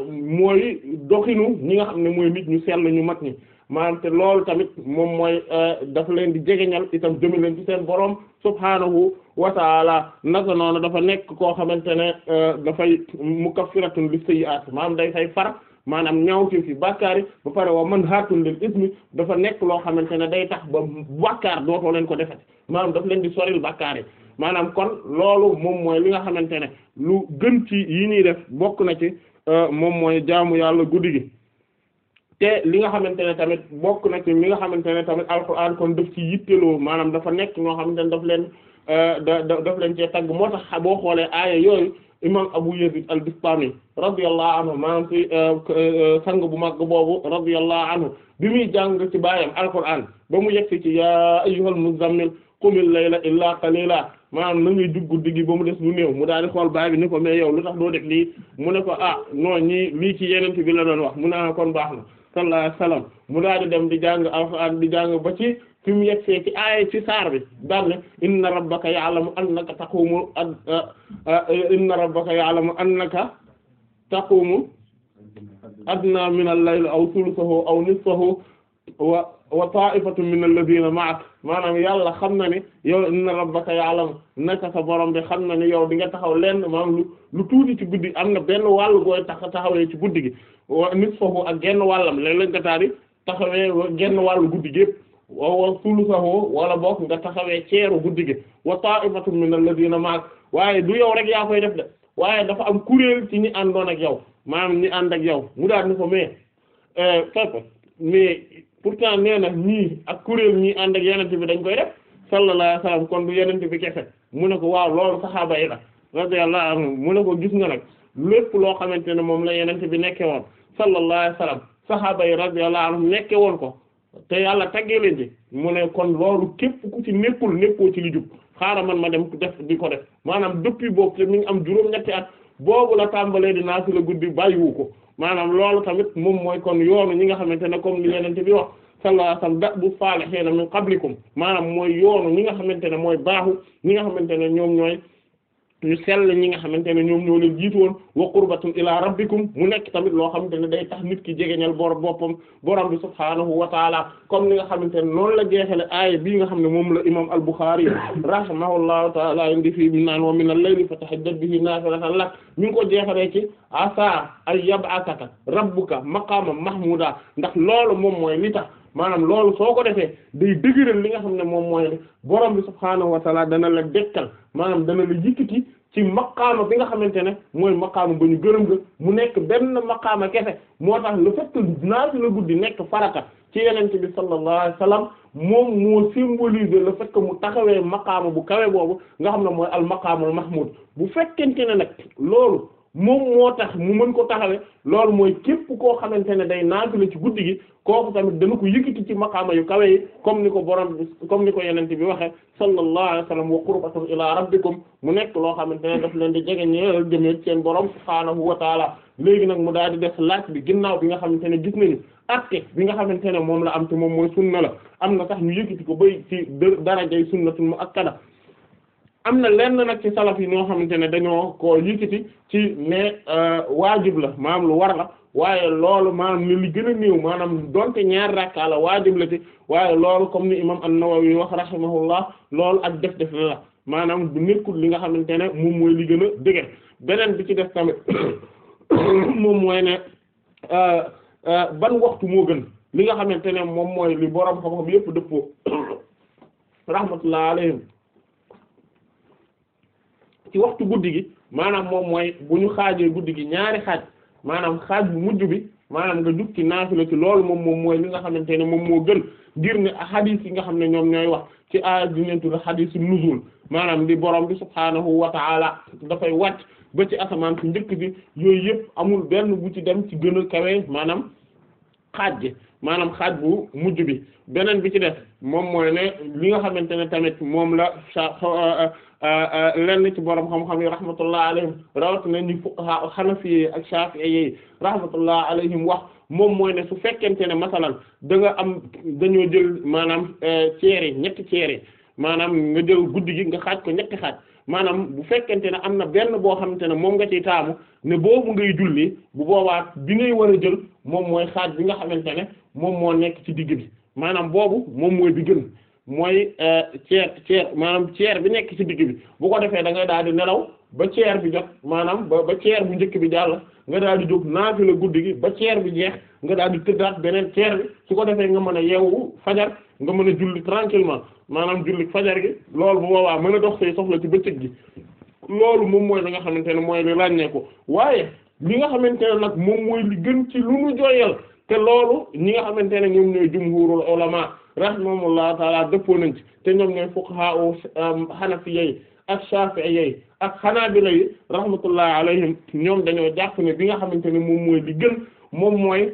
mooy doxinu ñi nga xam ne mooy nit ñu sell ñu mag ñi maanaam te lool tamit moom mooy euh, dafa leen di jegeñal itam jëme leen ci seen boroom subhaanahu wa taala naka noonu dafa nekk koo xamante ne euh, dafay mukaffiratun li sayyi'at maanaam day fay far maanaam ñaaw fi bàkkaar yi ba pare wa man haatun lil mi dafa nekk loo xamante ne day tax ba bàkkaar dootoo leen ko defati maanaam daf leen di soril bàkkaar maanaam kon loolu moom mooy li nga xamante ne lu gën ci yi ñuy bokk na ci euh, moom mooy jaamu yàlla guddi gi te li nga xamante ne tamit bokk na ci li nga xamante ne tamit alxuraan kon daf ci yitteloo maanaam dafa nekk ñoo xamante ne daf leen Euh, da da daf leen tagg moo tax boo xoolee aaya yooyu imam Abu Yazid al-Bistami radiyallahu anhu maanaam ci euh, euh, sang bu mag boobu radiyallahu anhu bi muy jàng ci baayam alquran ba mu yegg ci yaa ayyuhal muzammil qumil layla illa qalila maanaam na ngay dugg diggi ba mu des lu néew mu daal di xool baay bi ni ko mais yow lu tax doo def lii mu ne ko ah non ñii lii ci yenent bi la doon wax mu ne ah, kon baax na sallallahu alayhi wasallam mu daal dem di jàng alquran di jàng ba ci fi mu yegsee ci aaya ci saar bi daal ne inna rabbaka ya'lamu annaka taqumu inna rabbaka ya'lamu annaka taqumu adna min al-layli aw thuluthahu aw nisfahu wa wa ta'ifatun min alladhina ma'ak maanaam yàlla xam na ne yow inna rabbaka ya'lamu naka sa borom bi xam na ne yow di nga taxaw lenn maanaam lu lu tuuti ci guddi am na benn wàll gooy tax taxawee ci guddi gi wa nisfahu ak genn wàllam léeg-léeg nga taari taxawee genn wàllu guddi gépp wa sulusahu wala boog nga taxawee ceeru guddi gi wa ta'ifatun min alladhina ma'ak waaye du yow rek yaa koy def de waaye dafa am kuréel ci ñi àndoon ak yow maanaam ni ànd ak yow mu daal ni ko mais fekk euh, mais pourtant nee na ñii ak kuréel ñii ànd ak yenent bi dañ koy def sallallahu alayhi wasallam kon du yenent bi kese mu ne ko waaw loolu saxaaba yi la radiyallahu anhum mu ne ko gis nga nag lépp loo xamante ne moom la yenent bi nekkee woon sallallahu alayhi wasallam saxaaba yi radiyallahu anhum nekke woon ko te yàlla taggee leen ci mu ne kon loolu képp ku ci nekkul nekkoo ci li jub man ma dem def di ko def maanaam depuis boobu te mi am juróom-ñetti boobu la tàmbalee di naa fi la guddi bàyyiwu ko maanaam loolu tamit moom mooy kon yoonu ñi nga xamante ne comme li yenente bi wax sallallahu alayhi wasallam da'bu saalihiina min kom maanaam mooy yoonu ñi nga xamante ne mooy baaxu ñi nga xamante ne ñoom ñooy ñu sell ñi nga xamante ne ñoom ñoo leen jiitu woon wa qurbatun ila rabbikum mu nekk tamit loo xamante ne day tax nit ki jegeñal bor boppam borom bi subhaanahu wa taala comme ni nga xamante ne noonu la la aaya bii nga xam ne moom la imam al-Bukhari la taala indi fii mi naan wa min al-layli fatahajjad bihi naafilatan lak mi ngi ko jeexalee ci asa ay yab'athaka rabbuka maqaama mahmuda ndax loolo moom mooy li maanaam loolu soo ko defee day dëgëral li nga xam ne moom mooy ne borom bi subhaanahu wa taala dana la dekkal maanaam dana la yëkkati ci maqaama bi nga xamante ne mooy maqaama ba ñu gërëm ga mu nekk benn maqaama kese moo tax le fait que naatu la guddi nekk farata ci yenent bi sallallahu alayhi wasallam moom moo symboliser le fait que mu taxawee maqaama bu kawe boobu nga xam ne mooy al maqaamul mahmud bu fekkente ne nag loolu moom moo tax mu mën ko taxawee loolu mooy képp koo xamante ne day naafila ci guddi gi kooku tamit dana ko yëkkati ci maqaama yu kawee yi comme ni ko borom comme ni ko yenente bi waxe sallallahu alayhi wa sallam wa qurbatan ila rabbikum mu nekk loo xamante ne daf leen di jege ñeel jëmee seen borom subhaanahu wa taala léegi nag mu daal di def laaj bi ginnaaw bi nga xamante ne gis nañu acte bi nga xamante ne moom la am te moom mooy sunna la am na sax ñu yëkkati ko bay ci darajay sunnatul muakkada am na lenn nag ci salaf yi ñoo xamante ne dañoo koo yëkkati ci ne euh, waajib la maanaam lu war la waaye loolu maanaam li li gën a néew maanaam donte ñaar rakka la waajib la ci waaye loolu comme ni imam an-Nawawi wax rahimahullah loolu ak def-def la la maanaam du nekkul li nga xamante ne moom mooy li gën a dëgër beneen bi ci def tamit moom mooy ne euh, euh, ban waxtu moo gën li nga xamante ne moom mooy li boroom xam-xam yépp dëppoo rahmatullah alayhim ci waxtu guddi gi maanaam moom mooy bu ñu xaajee guddi gi ñaari xaaj maanaam xaaj bu mujj bi maanaam nga jug ci naafila ci loolu moom moom mooy li nga xamante ne moom moo gën ngir ne xadis yi nga xam ne ñoom ñooy wax ci a di leen tudd xadisu nuzul maanaam di borom bi subhaanahu wa taala dafay wàcc ba ci asamaan su bi yooyu yëpp amul benn bu ci dem ci gën a maanaam xaaj gi maanaam xaaj bu mujj bi beneen bi ci def moom mooy ne li nga xamante ne tamit moom la lenn ci borom xam-xam yi rahmatullah alayhim rawatina ñu xana xanafi ak shafi'i yi rahmatullah alayhim wax moom mooy ne su fekkente ne masalan da nga am dañoo jël maanaam e, ceere ñetti ceere maanaam nga jël guddi gi nga xaaj ko ñetti xaaj maanaam bu fekkente ne am na benn boo xamante ne moom nga ciy taamu ne boobu ngay julli bu boobaat bi ngay war a jël moom mooy xaaj bi nga xamante ne moom moo nekk ci digg bi maanaam boobu moom mooy bi gën mooy ceer euh, ceer maanaam ceer bi nekk ci digg bi bu ko defee da ngay daal di nelaw ba ceer bi jot maanaam ba ba ceer bu njëkk bi jàll nga daal di jóg la guddi gi ba ceer bi jeex nga daal di tëddaat beneen ceer bi su ko defee nga mën a yeewu fajar nga mën a julli tranquillement maanaam julli fajar gi loolu bu boobaa mën a dox say soxla ci bëccëg gi loolu moom mooy li nga xamante ne mooy li ràññee ko waaye li nga xamante ne nag moom mooy li gën ci lu nu jooyal te loolu ñi nga xamante ne ñoom ñooy jumhurul ulama rahimahumullahu taala dëppoo nañ ci te ñoom ñooy fuqaha um, hanafiyyi ak shafi'iyyi ak hanabila yi rahmatullahi alayhim ñoom dañoo jàpp ne bi nga xamante ne moom mooy li gën moom mooy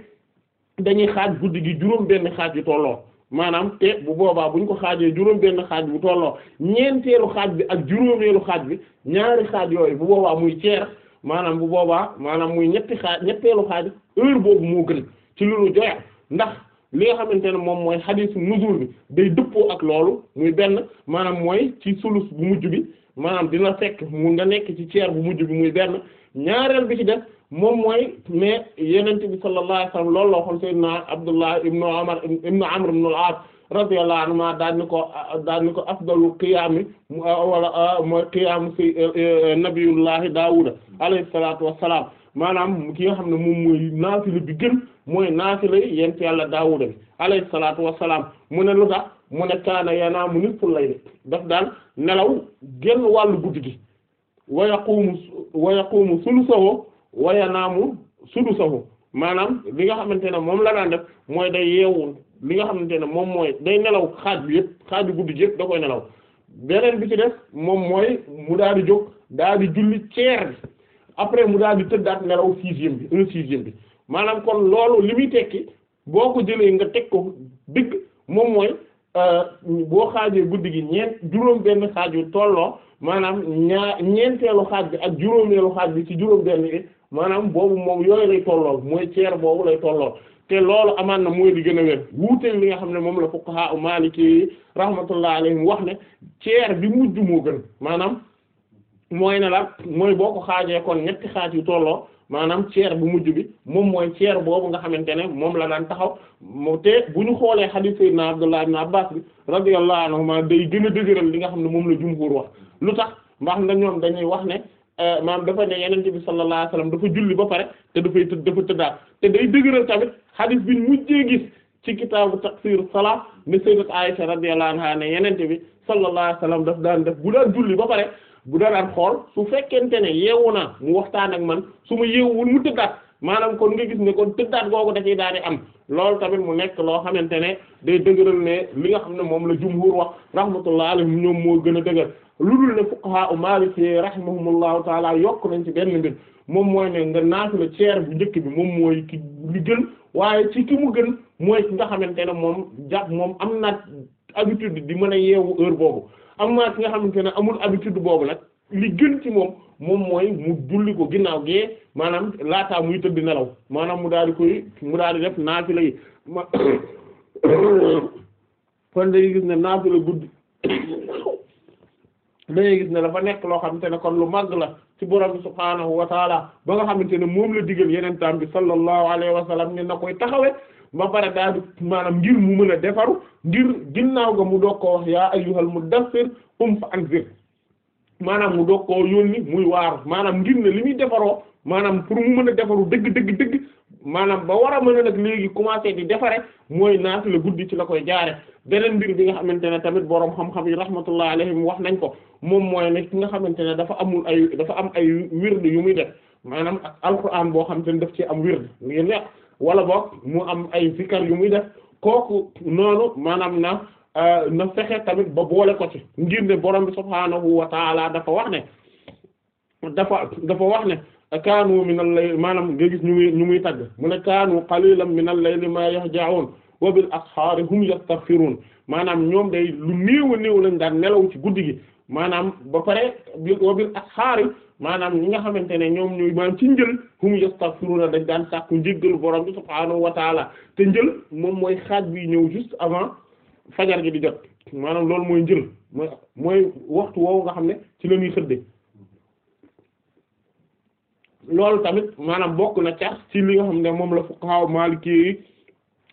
dañuy xaaj guddi gi juróom benn xaaj bi tolloo maanaam te bu boobaa buñ ko xaajee juróom benn xaaj bu tolloo ñeenteelu xaaj bi ak juróomeelu xaaj bi ñaari xaaj yooyu bu boobaa muy ceer maanaam bu boobaa maanaam muy ñetti xaaj xaaj heure boobu lu loolu joya ndax li nga xamante ne moom mooy xadiis nuzul bi day dëppoo ak loolu muy benn maanaam mooy ci sulus bu mujj bi maanaam dina fekk mu nga nekk ci tiers bu mujj bi muy benn ñaareel bi ci def moom mooy mais yenente bi sallallahu alayhi wasallam loolu loo xool sayyidina Abdullah ibnu Umar ibnu Amr ibn al-As radiyallahu anhu ma daan ko daan ni ko afdalu qiyaami wala ah, mooy qiyaamu si eh, eh, nabiyullahi Daawuda alayhi salaatu wassalaam maanaam ki nga xam ne moom mooy naafila bi gën mooy naafila yent yàlla daawuda bi alayhi salaatu wassalaam mu ne lu tax mu ne kaana yanaamu nisful layli daf daal nelaw genn wàllu guddi gi wa yaqumu wa yaqumu sulusahu wa yanaamu sudusahu maanaam li nga xamante ne moom la daan def mooy day yeewu li nga xamante ne moom mooy day nelaw xaaj bi yëpp xaaj bi guddi gi yëpp da koy nelaw beneen bi ci def moom mooy mu daal di jóg daal di julli ceer bi après mu daal di tëddaat nelaw sixième bi un sixième bi maanaam kon loolu li muy tekki boo ko jëlee nga teg ko digg moom mooy euh, boo xaajee guddi gi ñeent juróom benn xaaj yu tolloo maanaam ñaar ñeenteelu xaaj bi ak juróomeelu xaaj bi ci juróom benn bi maanaam boobu moom yooyu lay tollool mooy ceer boobu lay tollool te loolu amaan na mooy di gën a wér wuuteel li nga xam ne moom la fuqaha u Maliki rahmatullah alayhim wax ne ceer bi mujj moo gën maanaam mooy ne la mooy boo ko xaajee kon ñetti xaaj yu tolloo maanaam ceer bu mujj bi moom mooy ceer boobu nga xamante ne moom la daan taxaw moo te bu ñu xoolee xadiis sayyidina Abdullah ibn Abbas bi radiyallahu anhuma day gën a dëgëral li nga xam ne moom la jumhur wax lu tax mbaax na ñoom dañuy wax ne euh, maanaam dafa ne yenente bi sallallahu alayhi wasallam dafa julli ba pare te dafay tëdd dafa tëddaat te day dëgëral tamit xadiis bi ñu mujjee gis ci kitaabu taqsir salat ne sayyidat Aisha radiyallahu anha ne yenente bi sallallahu alayhi wasallam daf daan def bu daan julli ba pare bu darar xool su fekkente ne yeewu naa mu waxtaan ak man su ma yeewul mu tëddaat maanaam kon nga gis ne kon tëddaat googu da ciy daal di am loolu tamit mu nekk loo xamante ne day dëgëral ne li nga xam ne moom la jumhur wax rahmatullah alayhim ñoom moo gën a dëgër lu dul ne fuqaha u maliki rahimahumullahu taala yokk nañ ci benn mbir moom mooy ne nga naafila ceer bu njëkk bi moom mooy ki li gën waaye ci ki mu gën mooy ki nga xamante ne moom jàpp moom am na habitude di mën a yeewu heure boobu am na ki nga xamante ne amul habitude boobu nag li gën ci moom moom mooy mu julli ko ginnaaw gee maanaam laataa muy tëdd nelaw maanaam mu daal di koy mu daal di def naafila yi ma kon dañuy gis ne naafila guddi dañuy gis ne dafa nekk loo xamante ne kon lu màgg la ci borom bi subhaanahu wa taala ba nga xamante ne moom la digal yeneen taam bi sallallahu alayhi wa na koy taxawee ba pare daal di maanaam ngir mu mën a defaru ngir ginnaaw ga mu doog yaa wax yaa ayyuhal mudaffir qum fa anzir maanaam mu doog koo yónni muy waar maanaam ngir ne li muy defaroo maanaam pour mu mën a defaru dëgg dëgg dëgg maanaam ba war a mën a nag léegi commencé di defaree mooy naas la guddi ci la koy jaare beneen mbir bi nga xamante ne tamit boroom xam-xam yi rahmatullah alayhim wax nañ ko moom mooy ne ki nga xamante ne dafa amul ay dafa am ay wird yu muy def maanaam alquran boo xam te ne daf ci am wird wala boog mu am ay zikar yu muy def kooku noonu maanaam na euh, na fexe tamit ba boole ko ci ngir ne borom bi subhaanahu wa taala dafa wax ne dafa dafa wax ne kaanu minal layli maanaam nga gis ñu muy ñu muy tagg mu ne kaanu qalilan minal layli ma yahja'un wa bil ashaari hum yastaghfirun maanaam ñoom day lu néew a néew lañ daan nelaw ci guddi gi maanaam ba pare bil wabil asxaari maanaam ñi nga xamante ne ñoom ñuy maanaam ci njël hum yastaghfiruna dañ daan sàkku njéggal borom bi subhaanahu wa taala te njël moom mooy xaaj bi ñëw juste avant fajar gi di jot maanaam loolu mooy njël mooy mooy waxtu woowu nga xam ne ci la ñuy xëdde loolu tamit maanaam bokk na cax ci li nga xam ne moom la fuqaha maliki yi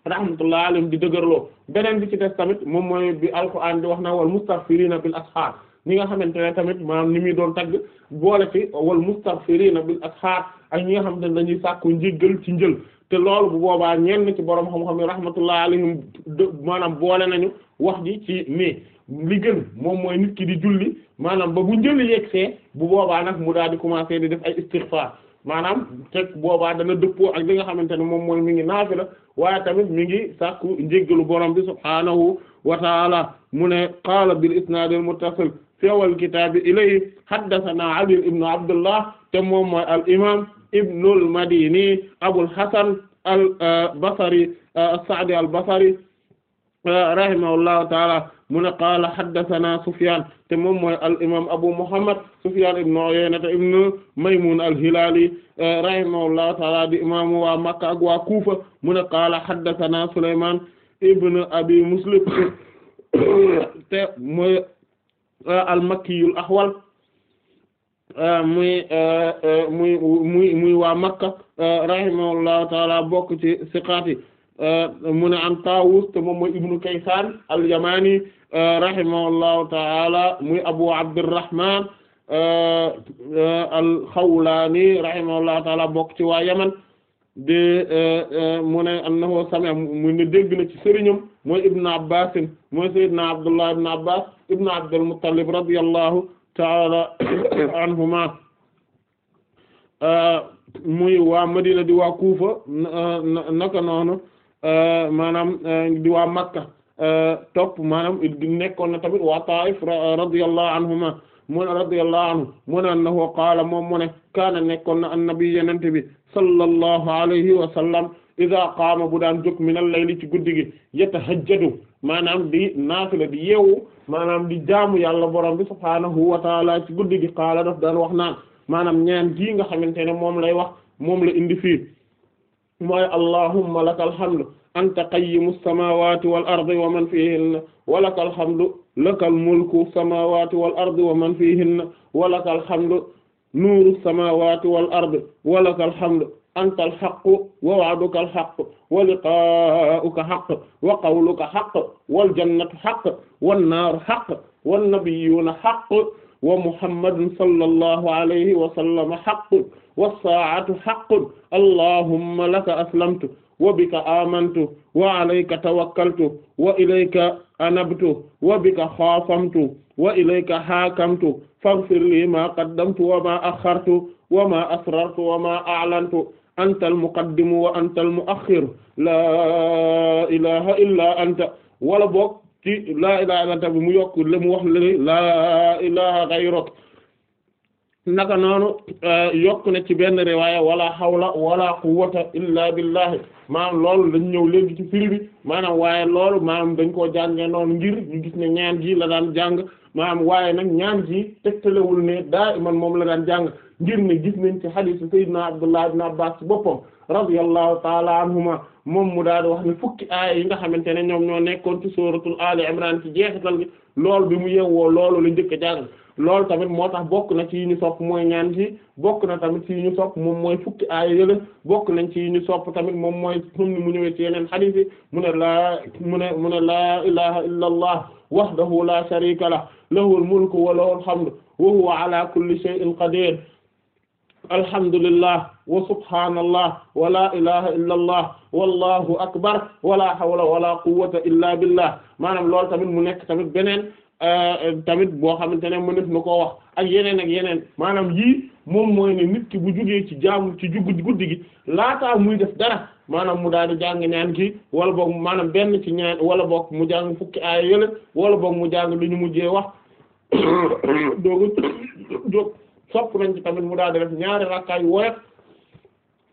rahmatullahi alayhim di dëgërloo beneen bi ci des tamit moom mooy bi alquran di wax na wal mustaghfirina bil asxaar ni nga xamante ne tamit maanaam ni muy doon tagg boole fi ci wal mustaghfirina bil ashaar ak ñi nga xamante ne dañuy sàkku njéggal ci njël te loolu bu boobaa ñenn ci borom xam-xam yi rahmatullah alayhim maanaam boole nañu wax ji ci nii li moom mooy nit ki di julli maanaam ba bu njël yegsee bu boobaa nag mu daal di commencer di def ay istighfar maanaam teg boobaa dana dëppoo ak li nga xamante ne moom mooy mi ngi naafila waaye tamit mu ngi sàkku njéggalu borom bi subhaanahu wa ta'ala mu ne qaala bil mu muttasil fi awal kitaabi ilayhi haddathana ali ibnu abdullah te moom mooy al imam ibnul madini abul hasan al uh, basri uh, as-sa'di al basri uh, rahimahullahu taala mu ne qaala haddathana Sufyaan te moom mooy al imaam Abu Muhammad Sufyaan ibn Uyayna ibn Maymuun al-Hilaali rahimahullahu taala di imaamu waa Makka ak waa Kuufa mu ne qaala haddathana Sulaymaan ibn Abi Muslim te mooy Euh, al-Makkiyul Ahwal euh, muy euh, muy muy muy waa Makka rahimahullahu taala bokk ci siqaati mu ne am Taawus te moom mooy Ibnu Kaysaan al-Yamani rahimahullahu taala muy Abu Abdurrahman al-Khawlani rahimahullahu taala bokk ci waa Yaman de mu ne annahu sami'a mu ne dégg na ci sëriñam mooy ibn Abbas mooy sayyidna Abdullah ibn Abbas ibn Abdul Muttalib radiyallahu ta'ala anhuma euh, muy waa Madina di waa Kufa euh, naka noonu euh, maanaam di waa Makka topp maanaam nekkoon na tamit waa Taif radiyallahu anhuma mu ne radiyallahu anhu mu ne annahu qaala moom mu ne kaana nekkoon na annabi yenente bi sallallahu alayhi wa sallam iza qaama bu daan jóg minal layli ci guddi gi yatahajjadu maanaam di naafila di yeewu maanaam di jaamu yàlla borom bi subhaanahu wa taala ci guddi gi qaala daf daan wax naan maanaam ñaan gii nga xamante ne moom lay wax moom la indi fii mooy allahumma lakal hamdu anta qayyimu samawati wal ardi wa man fihinna wa lakal hamdu lakal mulku samawati wal ardi wa man fihinna wa lakal hamdu nuuru samawati wal ard wa lakal hamd antal haqqu wa wa'dukal haqqu wa liqa'uka haqqu wa qawluka haqqu wal jannatu haqqu wan naaru haqqu wan nabiyyuna haqqu wa muhammadun sallallahu alayhi wa sallam haqqu was saa'atu haqqun allahumma laka aslamtu wa bika amantu wa alayka tawakkaltu wa ilayka anabtu wa bika khasamtu wa ilayka hakamtu faghfir li ma qaddamtu wa ma akhartu wa ma asrartu wa ma a'lantu antal muqaddimu wa antal mu'akhkhir laa ilaha illa anta wala boog ci laa ilaha illa anta bi mu yokk le mu wax le laa ilaha ghayruk naka noonu euh, yokk na ci benn riwaaya wala hawla wala quwwata illa billahi maanaam loolu dañ ñëw léegi ci firi bi maanaam waaye loolu maanaam dañ koo jàngee noonu ngir ñu gis ne ñaan ji la daan jàng maanaam waaye nag ñaan ji tegtalewul ne daa iman moom la daan jàng ngir ne gis nañ ci hadith sayyidina Abdullah ibn Abbas ci boppam radiyallahu ta'ala anhuma moom mu daal di wax ni fukki aaya yi nga xamante ne ñoom ñoo nekkoon ci suratul Ali Imran ci jeexital gi lool bi mu yewwoo loolu la njëkk a loolu tamit moo tax bokk na ci yi sopp mooy ñaan gi bokk na tamit ci yi ñu sopp moom mooy fukki aaya yële bokk nañ ci yi ñu sopp tamit moom mooy moom ni mu ñëwee ci yeneen xadiis yi mu ne laa mu ne mu ne laa ilaha illa allah wahdahu la sharika lah lahul mulku la ilaha illa allah wallahu akbar wala hawla wala quwwata illa billah maanaam loolu tamit mu nekk tamit beneen Euh, tamit boo xamante ne mënef na koo wax ak yeneen ak yeneen maanaam yii moom mooy ne nit ki bu jugee ci jaamu ci juggu guddi gi laataa muy def dara maanaam mu daal di jàng ñaan gi wala boog maanaam benn ci ñaan wala boog mu jàng fukki aaya wala boog mu jàng lu ñu mujjee wax doogu doog sopp nañ ci tamit mu daal di def ñaari rakkaay yu woyof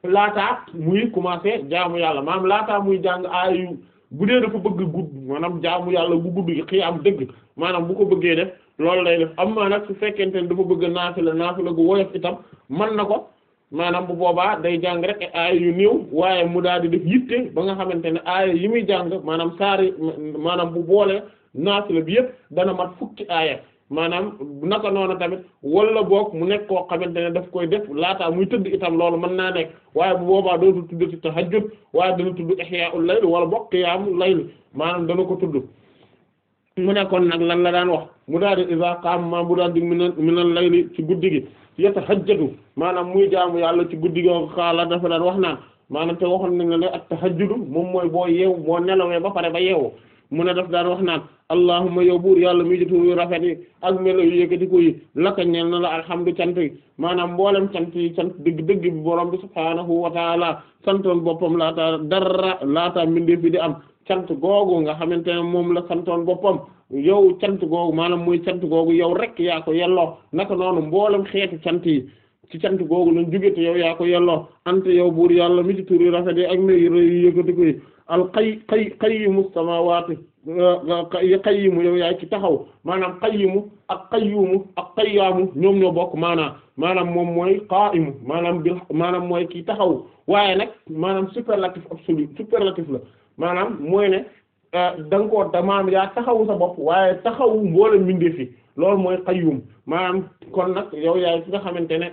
laataa muy commencer jaamu yàlla maanaam laataa muy jàng aaya yu bu dee dafa bëgg gudd maanaam jaamu yàlla bu gudd gi am dëgg maanaam bu ko bëggee def loolu lay def am maa nag su fekkente ne dafa bëgg naafila naafila gu woyof itam man na ko maanaam bu boobaa day jàng rek aaya yu néew waaye mu daal di def yitte ba nga xamante ne aaya yi muy jàng maanaam saari maanaam bu boolee naafila bi yëpp dana mat fukki aaya maanaam naka noonu tamit wala boog mu nekk koo xamante ne def koy def laataa muy tëdd itam loolu mën naa nekk waaye bu boobaa dootul tudd ci tahajjud waaye dana tudd ihyaa'ul layl wala boog qiyaamul layl maanaam dana ko tudd mu nekkoon nag lan la daan wax mu daal di iza bu daal di minal minal layli ci guddi gi yatahajjadu maanaam muy jaamu yàlla ci guddi gi xaala dafa daan wax naa maanaam te waxoon nañ ne at tahajjudu moom mooy boo yeew boo nelawee ba pare ba yeewoo mun ne daf daan wax naan allahumma yow buur yàlla mi jëtu yu rafet yi ak melo yu yëkkati ko yi laka ñeel na la alhamdu cant yi maanaam mboolem cant yi cant dëgg dëgg bi borom bi subhaanahu wa taala santoon boppam laata dara laata mbindeef bi di am cant googu nga xamante ne moom la santoon boppam yow cant googu maanaam mooy cant googu yow rek yaa ko yelloo naka noonu mboolem xeeti cant yi ci cant googu lañ jóge te yow yaa ko yelloo ante yow buur yàlla mi ci yu rafet yi ak melo yu yëkkati al qay qay qayyimu samaawaati euh, qayyimu yow yaay ki taxaw maanaam qayyimu ak qayyumu ak qayyaamu ñoom ñoo bokk maanaam maanaam moom mooy qaa'imu maanaam bil maanaam mooy kii taxaw waaye nag maanaam superlatif absolu superlatif la maanaam mooy ne euh, da nga koo maanaam yaa taxawu sa bopp waaye taxawu mboolem mbindeef yi loolu mooy qayyum maanaam kon nag yow yaay ki nga xamante ne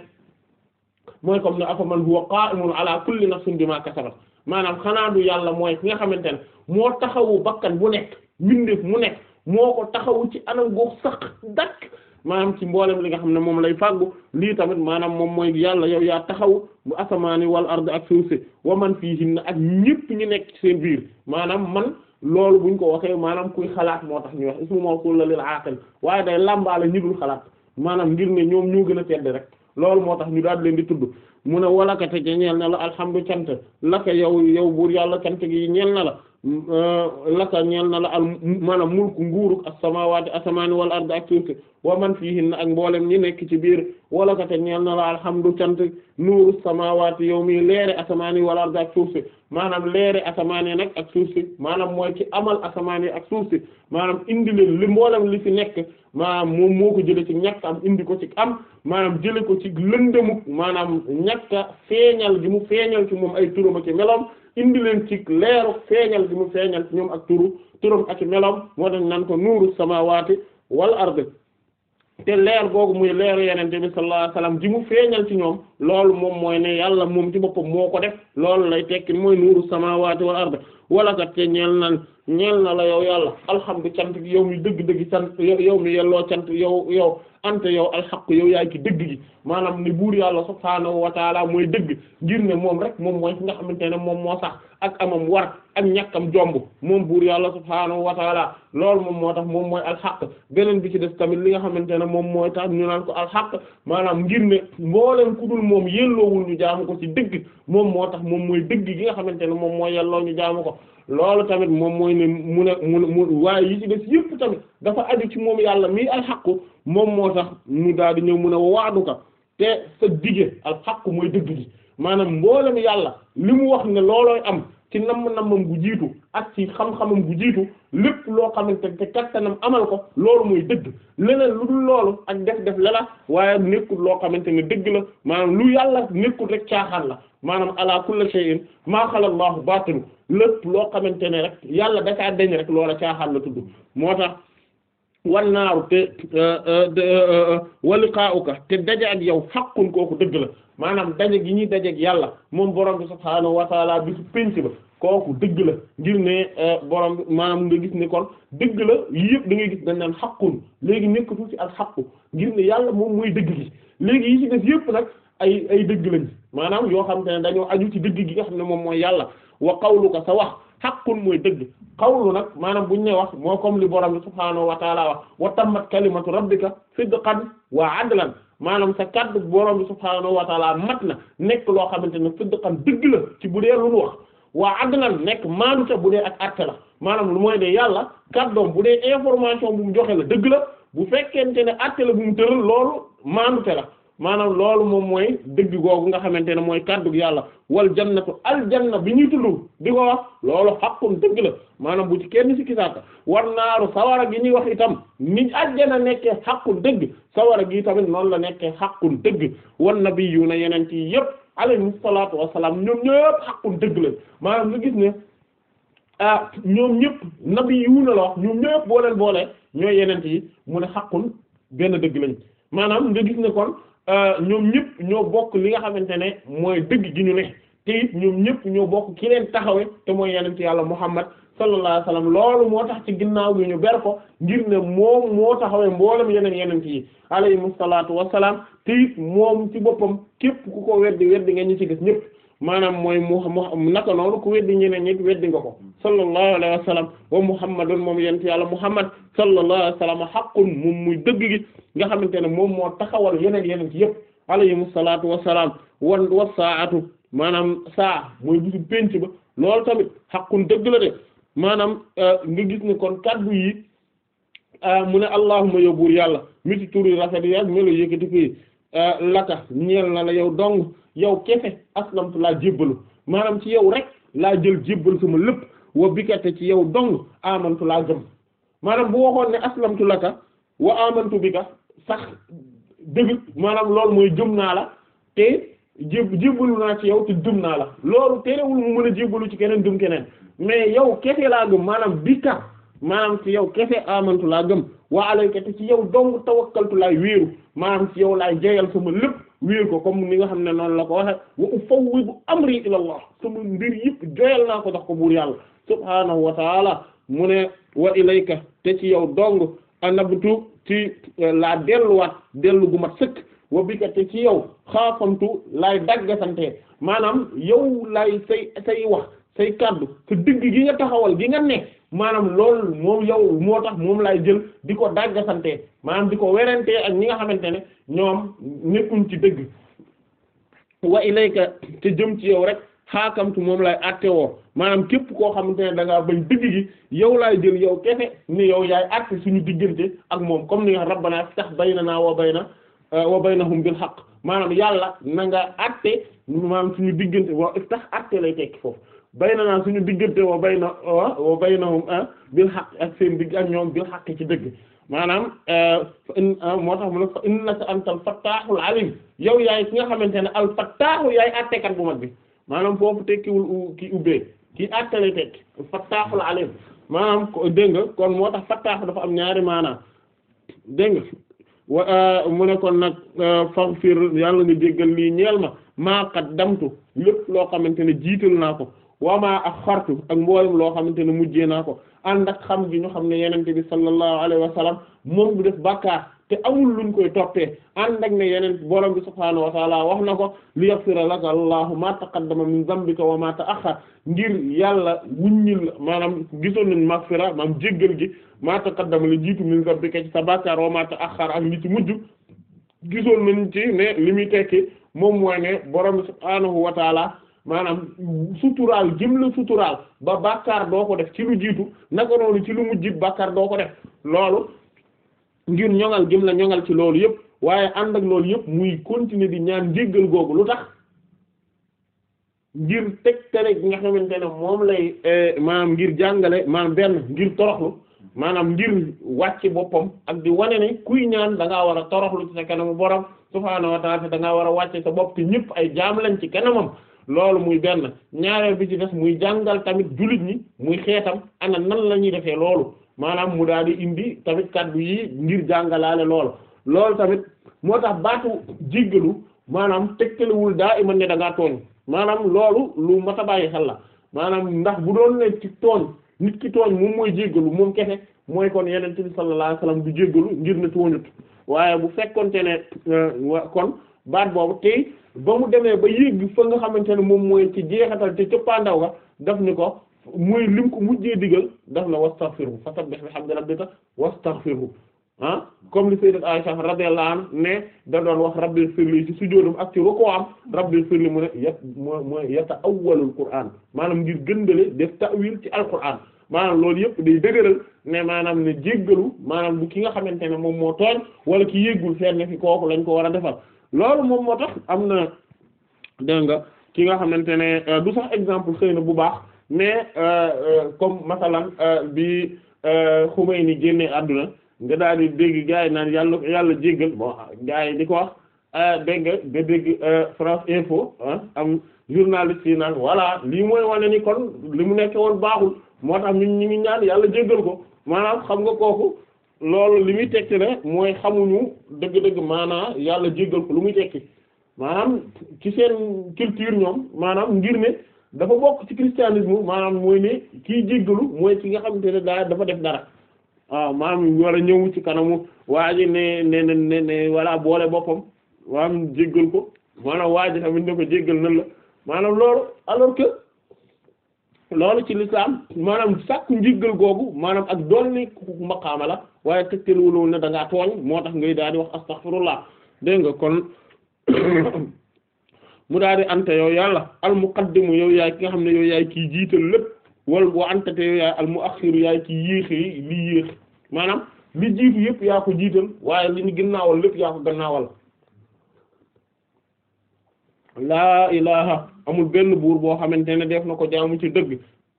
mooy comme ne afaman huwa qaa'imun ala kulli nafsin bimaa kasabat maanaam xanaa du yàlla mooy ki nga xamante ne moo taxawu bakkan bu nekk mbindeef mu nekk moo ko taxawu ci anam googu sax dakk maanaam ci mboolem li nga xam ne moom lay fàggu lii tamit maanaam moom mooy yàlla yow yaa taxaw bu asamaani wal ard ak suuf si wa man fiihinna ak ñépp ñu nekk ci seen biir maanaam man loolu buñ ko waxee maanaam kuy xalaat moo tax ñu wax ismu mawsul la lil aqil waaye day làmbaale ñi xalaat maanaam ngir ne ñoom ñoo gën a tedd rek loolu moo tax ñu daal leen di tudd mu ne wala ci ñeel na la alhamdu cant laka yow yow buur yàlla cant gi ñeel na la euh, laka ñeel na la al maanaam mulku nguuruk as-samaawaati asamaani wal ardi ak suuf wa man fi fiihinna ak mboolem ñi nekk ci biir walakate ñeel na la alhamdu cant nuuru samaawaati yow mii leere asamaani wal ardi ak suuf si maanaam leere asamaani nag ak suuf si maanaam mooy ci amal asamaani ak suuf si maanaam indi li mboolem li fi nekk maanaam moom moo ko jële ci ñàkk am indi ko ci am maanaam jële ko ci lëndëmu maanaam ñàkk a feeñal gi mu feeñal ci moom ay turam ak meloom indi leen ci leeru feeñal gi mu feeñal ci ñoom ak turu turam ak meloom moo tax nan ko nuuru samaawaati wal ardi te leer googu muy leeru yenente bi sallallahu alayhi wasallam ji mu feeñal ci ñoom loolu moom mooy ne yàlla moom ci boppam moo ko def loolu lay tekki mooy nuuru samaawaati wal ardi wala kat te ñeel na ñeel na la yow yàlla alhamdu cant gi yow mi dëgg-dëgg cant yow mi yelloo cant yow yow ante yow alxaq yow yaay ci dëgg gi maanaam ni buur yàlla subhaanahu wa taala mooy dëgg ngir ne moom rek moom mooy nga xamante ne moom moo sax ak amam war ak ñàkkam jomb moom buur yàlla subhaanahu wa taala loolu moom moo tax moom mooy alxaq beneen bi ci def tamit li nga xamante ne moom mooy tax ñu naan ko alxaq maanaam ngir ne mbooleen ku dul moom yelloowul ñu jaamu ko ci dëgg moom moo tax moom mooy dëgg yi nga xamante ne moom mooy yelloo ñu jaamu ko loolu tamit moom mooy ne mu ne mu waaye yi ci des yëpp tamit dafa aju ci moom yàlla mii alxaqu moom moo tax mu daal di ñëw mu ne waaduka te sa dige alxaqu mooy dëgg gi maanaam mboolem yàlla li mu wax ne loolooy am ci namm-nammam bu jiitu ak ci xam-xamam bu jiitu lépp loo xamante te kattanam amal ko loolu muy dëgg leneen lu dul loolu ak def-def lala waaye nekkul loo xamante ne dëgg la maanaam lu yàlla nekkul rek caaxaan la maanaam ala kulli shay'in ma xala Allahu batil lépp loo xamante ne rek yàlla dakaa deñ rek loola caaxaan la tudd moo tax wannaaru te euh, euh, euh, waliqaa'uka te daje ak yow xaqun kooku dëgg la maanaam daje gi ñuy daje yàlla moom borom bi subhaanahu wa ta'aala bi su penc ba kooku dëgg la ngir ne borom bi maanaam nga gis ne kon dëgg la yii yëpp da ngay gis dañ naan xaqun léegi nekkatul ci ak xaqu ngir ne yàlla moom mooy dëgg gi léegi yi ci def yëpp nag ay ay dëgg lañ maanaam yoo xam te ne dañoo aju ci dëgg gi nga xam ne moom mooy yàlla wa ka sa wax xàqun mooy dëgg xawlu nag bu ñu ne wax moo comme li borom bi subhaanahu wa taala wax wa tammat kalimatu rabbika sidqan wa adlan maanaam sa kaddu borom bi subhaanahu wa taala mat na nekk loo xamante ne sidqan dëgg la ci bu dee lu nu wax waa adlan nekk maanuta bu dee ak atte la maanaam lu mooy ne yàlla kaddoom bu dee information bu mu joxee la dëgg la bu fekkente ne atte bu mu tëral loolu maanu te la maanaam loolu moom mooy dëgg googu nga xamante ne mooy kàddu yàlla wal jannatu al janna bi ñuy tudd di ko wax loolu xaqun dëgg la maanaam bu ci kenn si kisaaka war naaru sawara gi ñuy wax itam ni àjjana nekkee xaqun dëgg sawara gi tamit noonu la nekkee xaqun dëgg wan nabiyuna yeneen ci yépp alayhimu salaatu wassalaam ñoom ñëpp xaqun dëgg la maanaam nga gis ne ah ñoom ñëpp nabiyuna la wax ñoom ñëpp boo boole ñooy yeneen yi mu ne xaqun benn dëgg lañ maanaam nga gis ne Euh, ñoom ñëpp ñoo bokk li nga xamante ne mooy dëgg gi ñu ne te ñoom ñëpp ñoo bokk ki leen taxawe te mooy yeneen ci yàlla Muhammad sallallahu alayhi wasallam loolu moo tax ci ginnaaw gi ñu ber ko ngir ne moom moo taxawee mboolem yeneen yeneen yi alayhimu salaatu wassalaam te moom ci boppam képp ku ko weddi weddi nga ñu ci gis ñëpp maanaam mooy mu mu naka noonu ku weddi ñeneen ñi weddi nga ko sallallahu alayhi wa sallam wa muhammadun moom yent yàlla muhammad sallallahu alayhi wa sallam haqqun moom muy dëgg gi nga xamante ne moom moo taxawal yeneen yeneen ci yëpp alayhimu salaatu wa salaam wan wa saatu maanaam saa mooy bisu penc ba lool tamit haqqun dëgg la de maanaam euh, nga gis ne kon kaddu yi euh, mu ne allahumma yow yàlla miti turi rafet yi ak melo yëkkati fii euh, laka ñeel na la yow dong yow kefe aslamtu laa jébbalu maanaam ci yow rek laa jël jébbal suma lépp wa bikate ci yow dong amantu laa gëm maanaam bu waxoon ne aslamtu laka wa amantu bika sax dëgg maanaam loolu mooy gëm naa la te jéb jébbalu naa ci yow te gëm naa la loolu terewul mu mën a jébbalu ci keneen gëm keneen mais yow kefe laa gëm maanaam bika maanaam ci yow kefe amantu laa gëm wa alayka te ci yow dong tawakkaltu laay wéeru maanaam ci yow laay jeyal ma lépp wéer ko comme ni nga xam ne noonu la ko waxe wa ufawwidu amri ila allah sama mbir yëpp joyal naa ko dox ko buur yàlla subhaanahu wa taala mu ne wa ilayka te ci yow dong anabtu ci eh, laa delluwaat dellu gu mat sëkk wa bika te ci yow xaafantu laay daggasante maanaam yow laay say say wax say kaddu te digg gi nga taxawal gi nga ne maanaam loolu moom yow moo tax moom laay jël di ko dàggasante maanaam di ko werante ak ñi nga xamante ne ñoom nekkuñ ci dëgg wa ilayka te jëm ci yow rek tu moom laay atte woo maanaam képp koo xamante ne danga ngaa bañ gi yow laay jël yow kese ni yow yaay atte suñu diggante ak moom comme ni nga rabbana sax baynana wa naa euh, wa baynahum bil haqq maanaam yàlla na nga atte maanaam suñu diggante waaw tax atte lay tekki foofu bayna naa suñu diggante wa bayna wa baynahum ah, bil haqq ak seen digg ak ñoom bil haqq ci dëgg maanaam eh, ah, moo tax mu ne fa innaka antal fattahul alim yow yaay ki nga xamante ne al fattahu yaay attekat bu mag bi maanaam foofu tekkiwul ki ubbee ki attale tekki fattahul alim maanaam dégg nga kon moo tax fattaahu dafa am ñaari maanaam dégg nga eh, mu ne kon nag eh, faghfir yàlla nga jéggal lii ñeel ma maa damtu lépp loo xamante ne jiital naa ko wamaa ak xartu ak mboolem loo xamante ne mujjee naa ko ànd ak xam gi ñu xam ne yenente bi sallallahu alayhi wa sallam moom def bàkkaar te amul luñ koy toppee ànd ak ne yeneen borom bi subhaanahu wa wax na ko li yaghfira laka allahu ma taqaddama min zambika wa ma ta'akhkhara ngir yàlla wuññil maanaam gisoon nañ maghfira maam jéggal gi ma taqaddama li jiitu min zambika ci sa bàkkaar wa ma ta'akhkhara ak li ci mujj gisoon nañ ci ne li muy tekki moom mooy ne maanaam suturaal jëm la suturaal ba bàkkaar doo ko def ci lu jiitu naka noonu ci lu mujj bàkkaar doo ko def loolu ngir ñoŋal jëm la ñoŋal ci loolu yëpp waaye ànd ak loolu yëpp muy continuer di ñaan njéggal googu lu tax ngir teg tere gi nga xamante ne moom lay eh, maanaam ngir jàngale maam benn ngir toroxlu maanaam ngir wàcc boppam ak di wane ne kuy ñaan da ngaa war a toroxlu ci sa kanamu borom subhaanahu wa ta'ala da ngaa war a wàcc sa bopp te ñëpp ay jaam lañ ci kanamam. loolu muy benn ñaareel bi ci des muy jàngal tamit jullit ñi muy xeetam ana nan la ñuy defee loolu maanaam mu daal di indi tamit kàddu yi ngir jàngalaale loolu loolu tamit moo tax baatu jéggalu maanaam teg tegtalewul daa iman ne da tooñ maanaam loolu lu mat bàyyi xel la maanaam ndax bu doon ne ci tooñ nit ki tooñ moom mooy jéggalu moom kese mooy kon yeneen bi sallallahu alayhi wasallam du jéggalu ngir ne tooñut waaye bu fekkonte ne euh, kon baat boobu tey ba mu demee ba yéeg fa nga xamante ne moom mooy ci jeexatal te cëppaandaw ga daf ni ko mooy lim ko mujjee digal daf la wastaghfiru fasabbih bihamdi rabbika wastaghfiru ah comme li sayyidat Aisha radiyallahu anha ne da doon wax rabbi firli ci sujjóotam ak ci ruku am rabbi firli mu ne yet moo mooy yata awwalul Qur'an maanaam ngir gëndale def ta'wil ci alquran maanaam loolu yëpp day dëgëral ne maanaam ne jéggalu maanaam ki nga xamante ne moom moo tooñ wala ki yéggul fenn fi kooku lañ ko war a defal loolu moom moo tax am na dégg nga ki nga xamante ne euh, du sax exemple xëy na bu baax mais euh, euh, comme masalan bi Xumayni génnee àdduna nga daal di dégg gars yi naan yàlla yàlla jéggal bon gars yi di ko wax dégg nga nga dégg France Info am journaliste yi naan voilà lii mooy wane ni kon li mu nekk woon baaxul moo tax ñun ñu ngi ñaan yàlla jéggal ko maanaam xam nga kooku loolu li muy tekki ne mooy xamuñu dëgg-dëgg maanaa yàlla jéggal ko lu muy tekki maanaam ki seen culture ñoom maanaam ngir ne dafa bokk ci christianisme maanaam mooy ne kii jéggalu mooy ci nga xam xamante ne daa dafa def dara waaw maanaam war a ñëw ci kanamu waa ji ne ne ne ne walla boole boppam maanaam jéggal ko maanaam waa ji tamit ne ko jéggal nan la maanaam loolu alors que loolu ci lislaam maanaam sàkku njéggal googu maanaam ak dool ne maqaama la waaye tegtalwulowul ne da tool moo tax ngay daal di wax astaghfirullah dégg nga kon mu daal di ante yow yàlla al muqaddimu yow yaay ki nga xam ne yow yaay kiy jiital lépp wal wa ante te yow yaay al muaxiru yaay kiy yéexe li yéex maanaam li jiitu yëpp yaa ko jiital waaye li ñu ginnaawal lépp yaa ko gannaawal laa ilaha amul benn buur boo xamante ne def na ko jaamu ci dëgg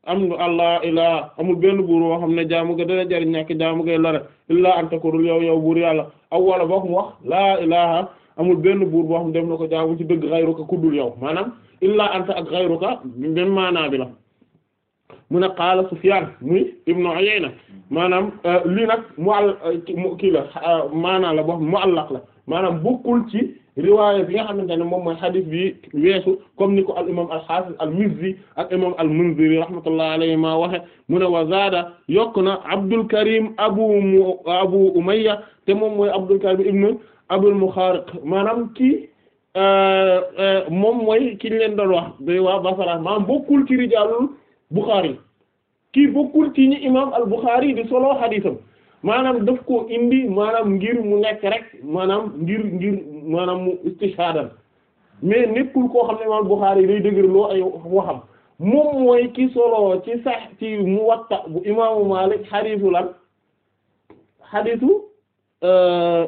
am allah ilaa amul benn buur boo xam ne jaamu ga dana jariñ ñàkk jaamu ngay lare illaa antakurul yow yow buur yàlla aw wala boo mu wax laa ilaha amul benn buur boo xam def na ko jaamu ci dëgg xayruka kuddul yow maanaam illaa anta ak xayruka benn maanaa bi la mu ne qaala Sufyaan muy ibnu Uyayna maanaam euh, lii nag mu àll euh, kii la euh, maanaa la boo mu muallaq la maanaam bokkul ci riwaaya bi nga xamante ne moom mooy xadis bi weesu comme ni ko al imam al xaafis al mizzi ak imam al munziri rahmatullahi alayhima waxe mu ne wa zaada yokk na abdul karim abu mu abu umayya te moom mooy abdul karim ibnu abul muxaariq maanaam ki euh, euh, moom mooy ki ñu leen doon wax day waa basara maanaam bokkul ci rijaalul buxaari kii bokkul ci ñi imam al buxaari di solo xadisam maanaam daf ko indi maanaam ngir mu nekk rek maanaam ngir ngir maanaam mu istishaadan mais nekkul koo xam ne imaam Buxaari day dëgër loo ay waxam moom mooy ci sax ci Muwatta bu imaamu Maalik xadiisu lan xadiisu euh,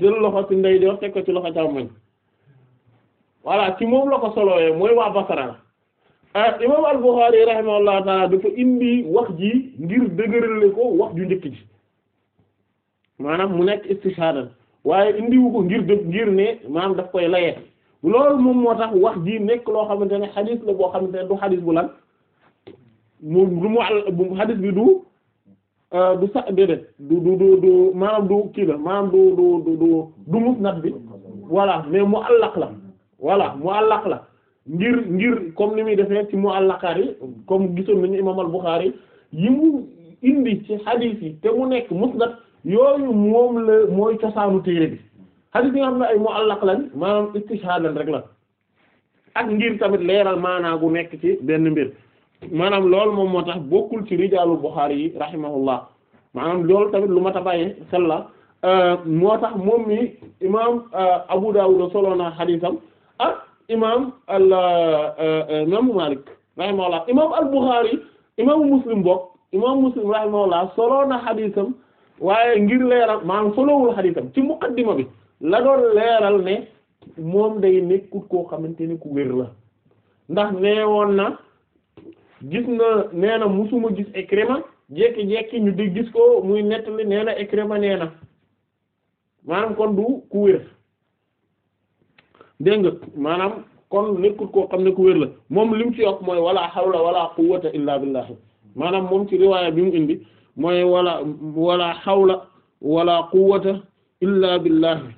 jël loxo ci ndeyjoor teg ko ci loxo càmmoñ voilà ci moom la ko solowee mooy waa Basra ah imaam al-Bukhari rahimahullah dafa indi wax ji ngir dëgërale ko wax ju njëkk ji maanaam mu nekk istishaadan waaye indiwu ko ngir dëpp ngir ne maanaam daf koy layee loolu moom moo tax wax ji nekk loo xamante ne xadis la boo xamante ne du xadis bu lan mu du mu bi du euh, du sa du du du maanaam du kii la maanaam du du du du du musnad bi voilà mais mu àllaq la voilà mu àllaq la ngir ngir comme ni muy defee ci mu àllaqaar yi comme gisoon nañu imam al yi mu indi ci xadis yi te mu nekk musnad yooyu moom la mooy cosaanu téere bi hadith yi ay mu'allaq lañ maanaam istishhad rek la ak ngir tamit leeral maanaa nekk ci benn mbir maanaam lool moom moo tax bokkul ci rijaalul Buxaari yi rahimahullah maanaam loolu tamit lu ma tabayee xel la euh, moo tax moom mi imaam euh, Abu Dawud solo na haditham ak imaam euh, imaam Maalik rahimahullah imaam Muslim bokk imaam Muslim rahimahullah solo na haditham. waaye ngir leeral maanaam solowul xadiisam ci muqaddima bi la doon leeral ne moom day nekkut koo xamante ne ku wér la ndax nee woon na gis na nee na musuma gis Ikrima jekki-jekki ñu di gis ko muy nettali nee na Ikrima nee na maanaam kon du ku wér dégg nga maanaam kon nekkut koo xam ne ku wér la moom li ci yokk mooy wala hawla wala quwwata illa billah maanaam moom ci riwaaya bi mu indi mooy wala wala xawla wala quwwata illa billahi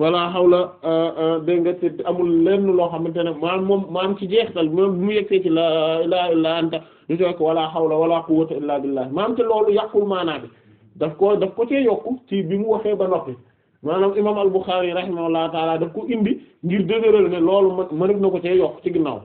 wala xawla euh, euh, dégg nga te amul lenn loo xamante ne maanaam moom maanaam ci jeextal moom bu mu yegsee ci laa ilaaha illa anta ñu ci wax wala xawla wala quwwata illa billahi maanaam te loolu yàqul maanaa bi daf ko daf ko cee yokku ci bi mu waxee ba noppi maanaam imam al-Bukhari rahimahullahu taala daf ko indi ngir dëgëral ne loolu ma mënef na ko cee yokk ci ginnaaw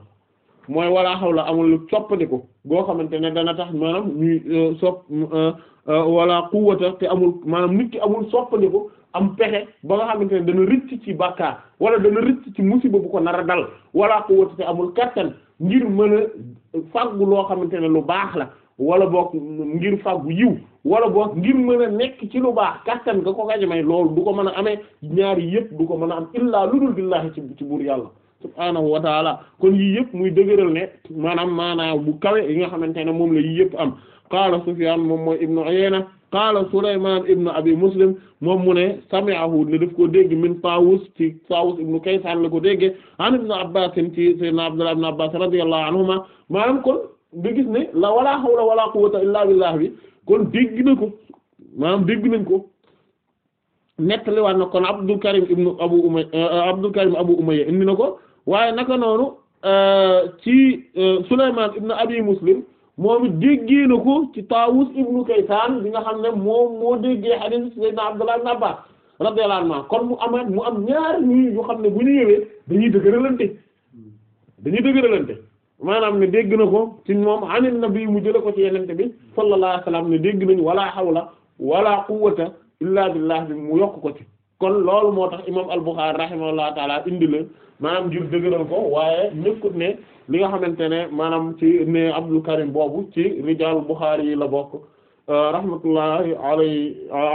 mooy xaw xawla amul soppandiku goo xamante ne dana tax maanaam ñuy euh, sopp euh, euh, wala quwwata te amul maanaam nit ki amul soppandiku am pexe ba nga xamante ne dana rëcc ci bàkkaar wala dana rëcc ci musiba bu ko nar a dal wala quwwata te amul kattan ngir mën a fàggu loo xamante ne lu baax la wala boog ngir fàggu yiw wala boog ngir mën a nekk ci lu baax kattan nga ko kaja may loolu du ko mën a amee ñaari yëpp du ko mën a am illaa lu dul billaahi ci ci buur yàlla subhaanahu wa taala kon yii yëpp muy dëgëral ne maanaam maanaam bu kawe yi nga xamante ne moom la yii yëpp am qaala Sufyaan moom mooy ibnu Uyayna qaala Sulaymaan ibnu Abi Muslim moom mu ne sami'ahu ne daf koo dégg min Taawus ci ibnu Kaysaan la ko déggee an ibnu Abbaas ci sayyidina Abdullah ibnu Abbaas radiyallahu anhuma maanaam kon nga gis bi kon dégg na ko maanaam dégg ko nettali waat na kon Abdul Karim ibnu Abu Umayya Abdul Karim Abu Umayya indi na ko waaye naka noonu euh, ci euh, Sulaymaan ibn Abi Muslim moom it déggee na ko ci Taawus ibn Kaysaan bi nga xam ne moom moo déggee hadiis Sayyidina Abdullah ibn Abbas radiyallahu anhu kon mu amaat mu am ñaari ñii yoo xam ne bu ñu ñëwee dañuy dëgëralante dañuy dëgëralante maanaam ne dégg na ko ci moom na nabi mu jële ko ci yenente bi sallallahu alayhi wasallam ne dégg nañu wala hawla wala quwwata illa billah bi mu yokk ko ci kon loolu moo tax imam al-Bukhârî rahimahullahu taala indi la maanaam ngir dëgëral ko waaye nekkut ne li nga xamante ne maanaam ci ne Abdul Karim boobu ci rijal Bukhârî yi la bokk euh, rahmatullahi alay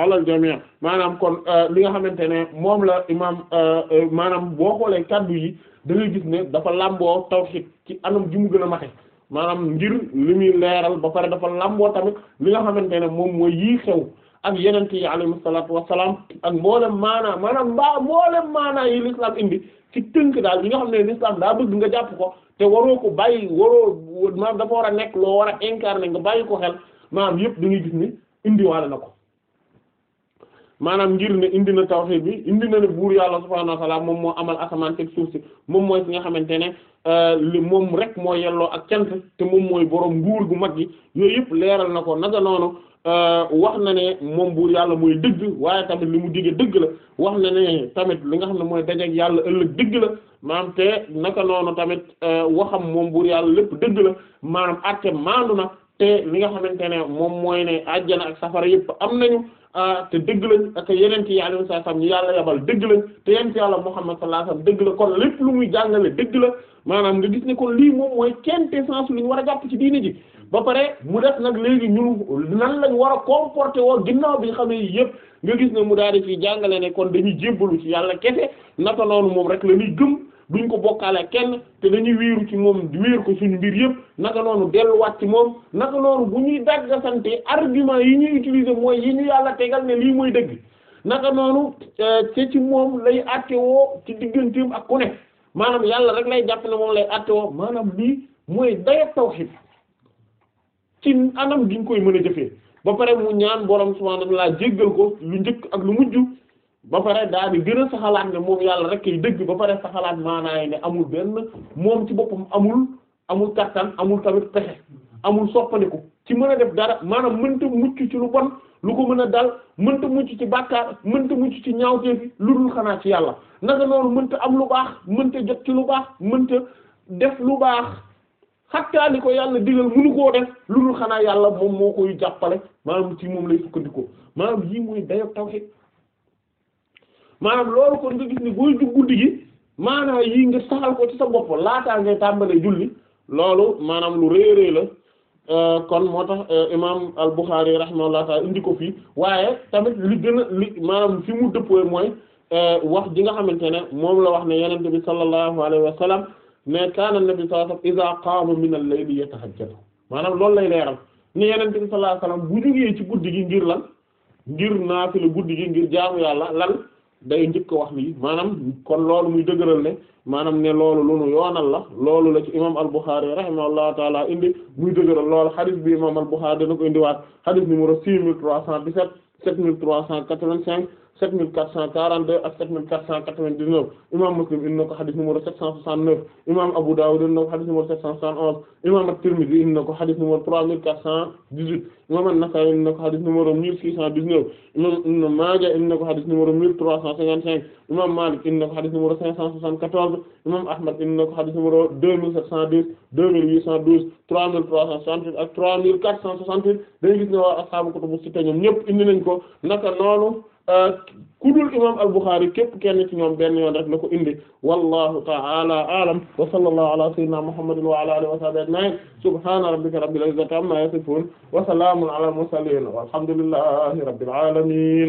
alal jamii maanaam kon euh, li nga xamante ne moom la imam euh, maanaam boo xoolee kàddu yi da ngay gis ne dafa làmboo tawhid ci anam ji mu gën a mate maanaam ngir li muy leeral ba pare dafa làmboo tamit li nga xamante ne moom mooy yii xew ak yenente yi alayhi salaatu wassalaam ak mboolem maanaa maanaam mbaa mboolem maanaa yi l'islam indi ci tënk daal li nga xam ne l'islam daa bëgg nga jàpp ko te waroo ko bàyyi waroo maanaam dafa war a nekk loo war a incarner nga bàyyi ko xel maanaam yëpp da ngay gis ne indiwaale na ko maanaam ngir ne indi na tawhid bi indi na ne buur yàlla subhaanahu wa moom moo amal asamaan teg suuf si moom mooy fi nga xamante ne Euh, li moom rek moo yelloo ak cant te moom mooy borom nguur gu mag gi yooyu yëpp leeral na ko naka noonu euh, wax na ne moom buur yàlla mooy dëgg waaye tamit li mu digee dëgg la wax na ne tamit li nga xam ne mooy dajeek yàlla ëllëg dëgg la maanaam te naka noonu tamit euh, waxam moom buur yàlla lépp dëgg la maanaam àtte maandu na te li nga xam ne moom mooy ne àjjana ak safara yëpp am nañu Ah, te dëgg lañ ak yeneen ci yàlla sallallahu alayhi wasallam ñu yàlla yabal dëgg lañ te yeneen ci yàlla Muhammad sallallahu alayhi wasallam dëgg la kon lépp lu muy jàngale dëgg la maanaam nga gis ne kon lii moom mooy quintessence lu ñu war a jàpp ci diini ji ba pare mu def nag léegi ñu nan lañ war a comporter woo ginnaaw bi ñu xam ne yëpp nga gis ne mu daal di fi jàngale ne kon dañuy jébbalu ci yàlla kese naka noonu moom rek la ñuy gëm. duñ ko bokkaale kenn te dañuy wéeru ci moom wéer ko suñu mbir yëpp naka noonu delluwaat ci moom naka noonu bu ñuy daggasante argument yi ñuy utiliser mooy yi ñu yàlla tegal ne lii mooy dëgg naka noonu euh, te ci moom lay attewoo ci digganteem ak ku ne maanaam yàlla rek lay jàpp ne moom lay attewoo maanaam lii mooy daya tawhid ci anam giñ koy mën a jëfee ba pare mu ñaan borom subhanahu wa ta'ala jéggal ko lu njëkk ak lu mujj ba pare daa di gën a saxalaat ne moom yàlla rek kay dëgg ba pare saxalaat maanaay ne amul benn moom ci boppam amul amul kàttan amul tamit pexe amul soppandiku ci mën a def dara maanaam mënta mucc ci lu bon lu ko mën a dal mënta mucc ci bàkkaar mënta mucc ci ñaawteef yi lu dul xanaa ci yàlla naka noonu mënta am lu baax mënta jot ci lu baax mënta def lu baax xattaa li ko yàlla digal mënu koo def lu dul xanaa yàlla moom moo koy jàppale maanaam ci moom lay sukkandikoo maanaam loolu kon nga gis ni booy jug guddi gi maanaam yi nga saxal ko ci sa bopp laataa ngay tàmbalee julli loolu maanaam lu réeréer la euh, kon moo tax euh, imaam al-Bukhari rahimahullah ta'ala indi ko fii waaye tamit li gën a li maanaam fi mu dëppoo mooy euh, wax ji nga xamante ne moom la wax ne yonent bi sallallahu alayhi wa sallam ne kaana nabi sallallahu alayhi wa sallam iza qaama min al-layli yatahajjadu maanaam loolu lay leeral ne yonent bi sallallahu alayhi wa bu jógee ci guddi gi ngir lan ngir naafila guddi gi ngir jaamu yàlla lan. day njëkk wax ni maanaam kon loolu muy dëgëral ne maanaam ne loolu lu nu yoonal la loolu la ci imam al-Bukhari rahimahullahu taala indi muy dëgëral loolu xadis bi imam al-Bukhari dana ko indiwaat xadis numéro six mille trois cent dix-sept sept mille trois cent quatre-vingt-cinq 7442 ak 7499 imaam Muslim indi na ko xadis numéro 769 imaam Abu Dawud indi na ko xadis numéro 771 imaam At-Tirmidhi indi na ko xadis numéro 3418 imaam An-Nasa'i indi na ko xadis numéro 1619 imaam Ibn Maaja indi na ko xadis numéro 1355 imaam Malik indi na ko xadis numéro 574 imaam Ahmad indi na ko xadis numéro 2710 2812 3368 ak 3468 dañu gis ne waa ashaabu kutubu sitta ñoom ñëpp indi nañ ko naka noonu Euh, kudul imam al-Bukhari képp kenn ci ñoom benn yoon rek la ko indi wallahu ta'ala a'lam wa sallallahu ala sayyidina muhammadin wa ala alihi wa sahbihi ajma'in subhana rabbika rabbil izzati amma yasifun wa salamun ala al-mursalin walhamdulillahi rabbil alamin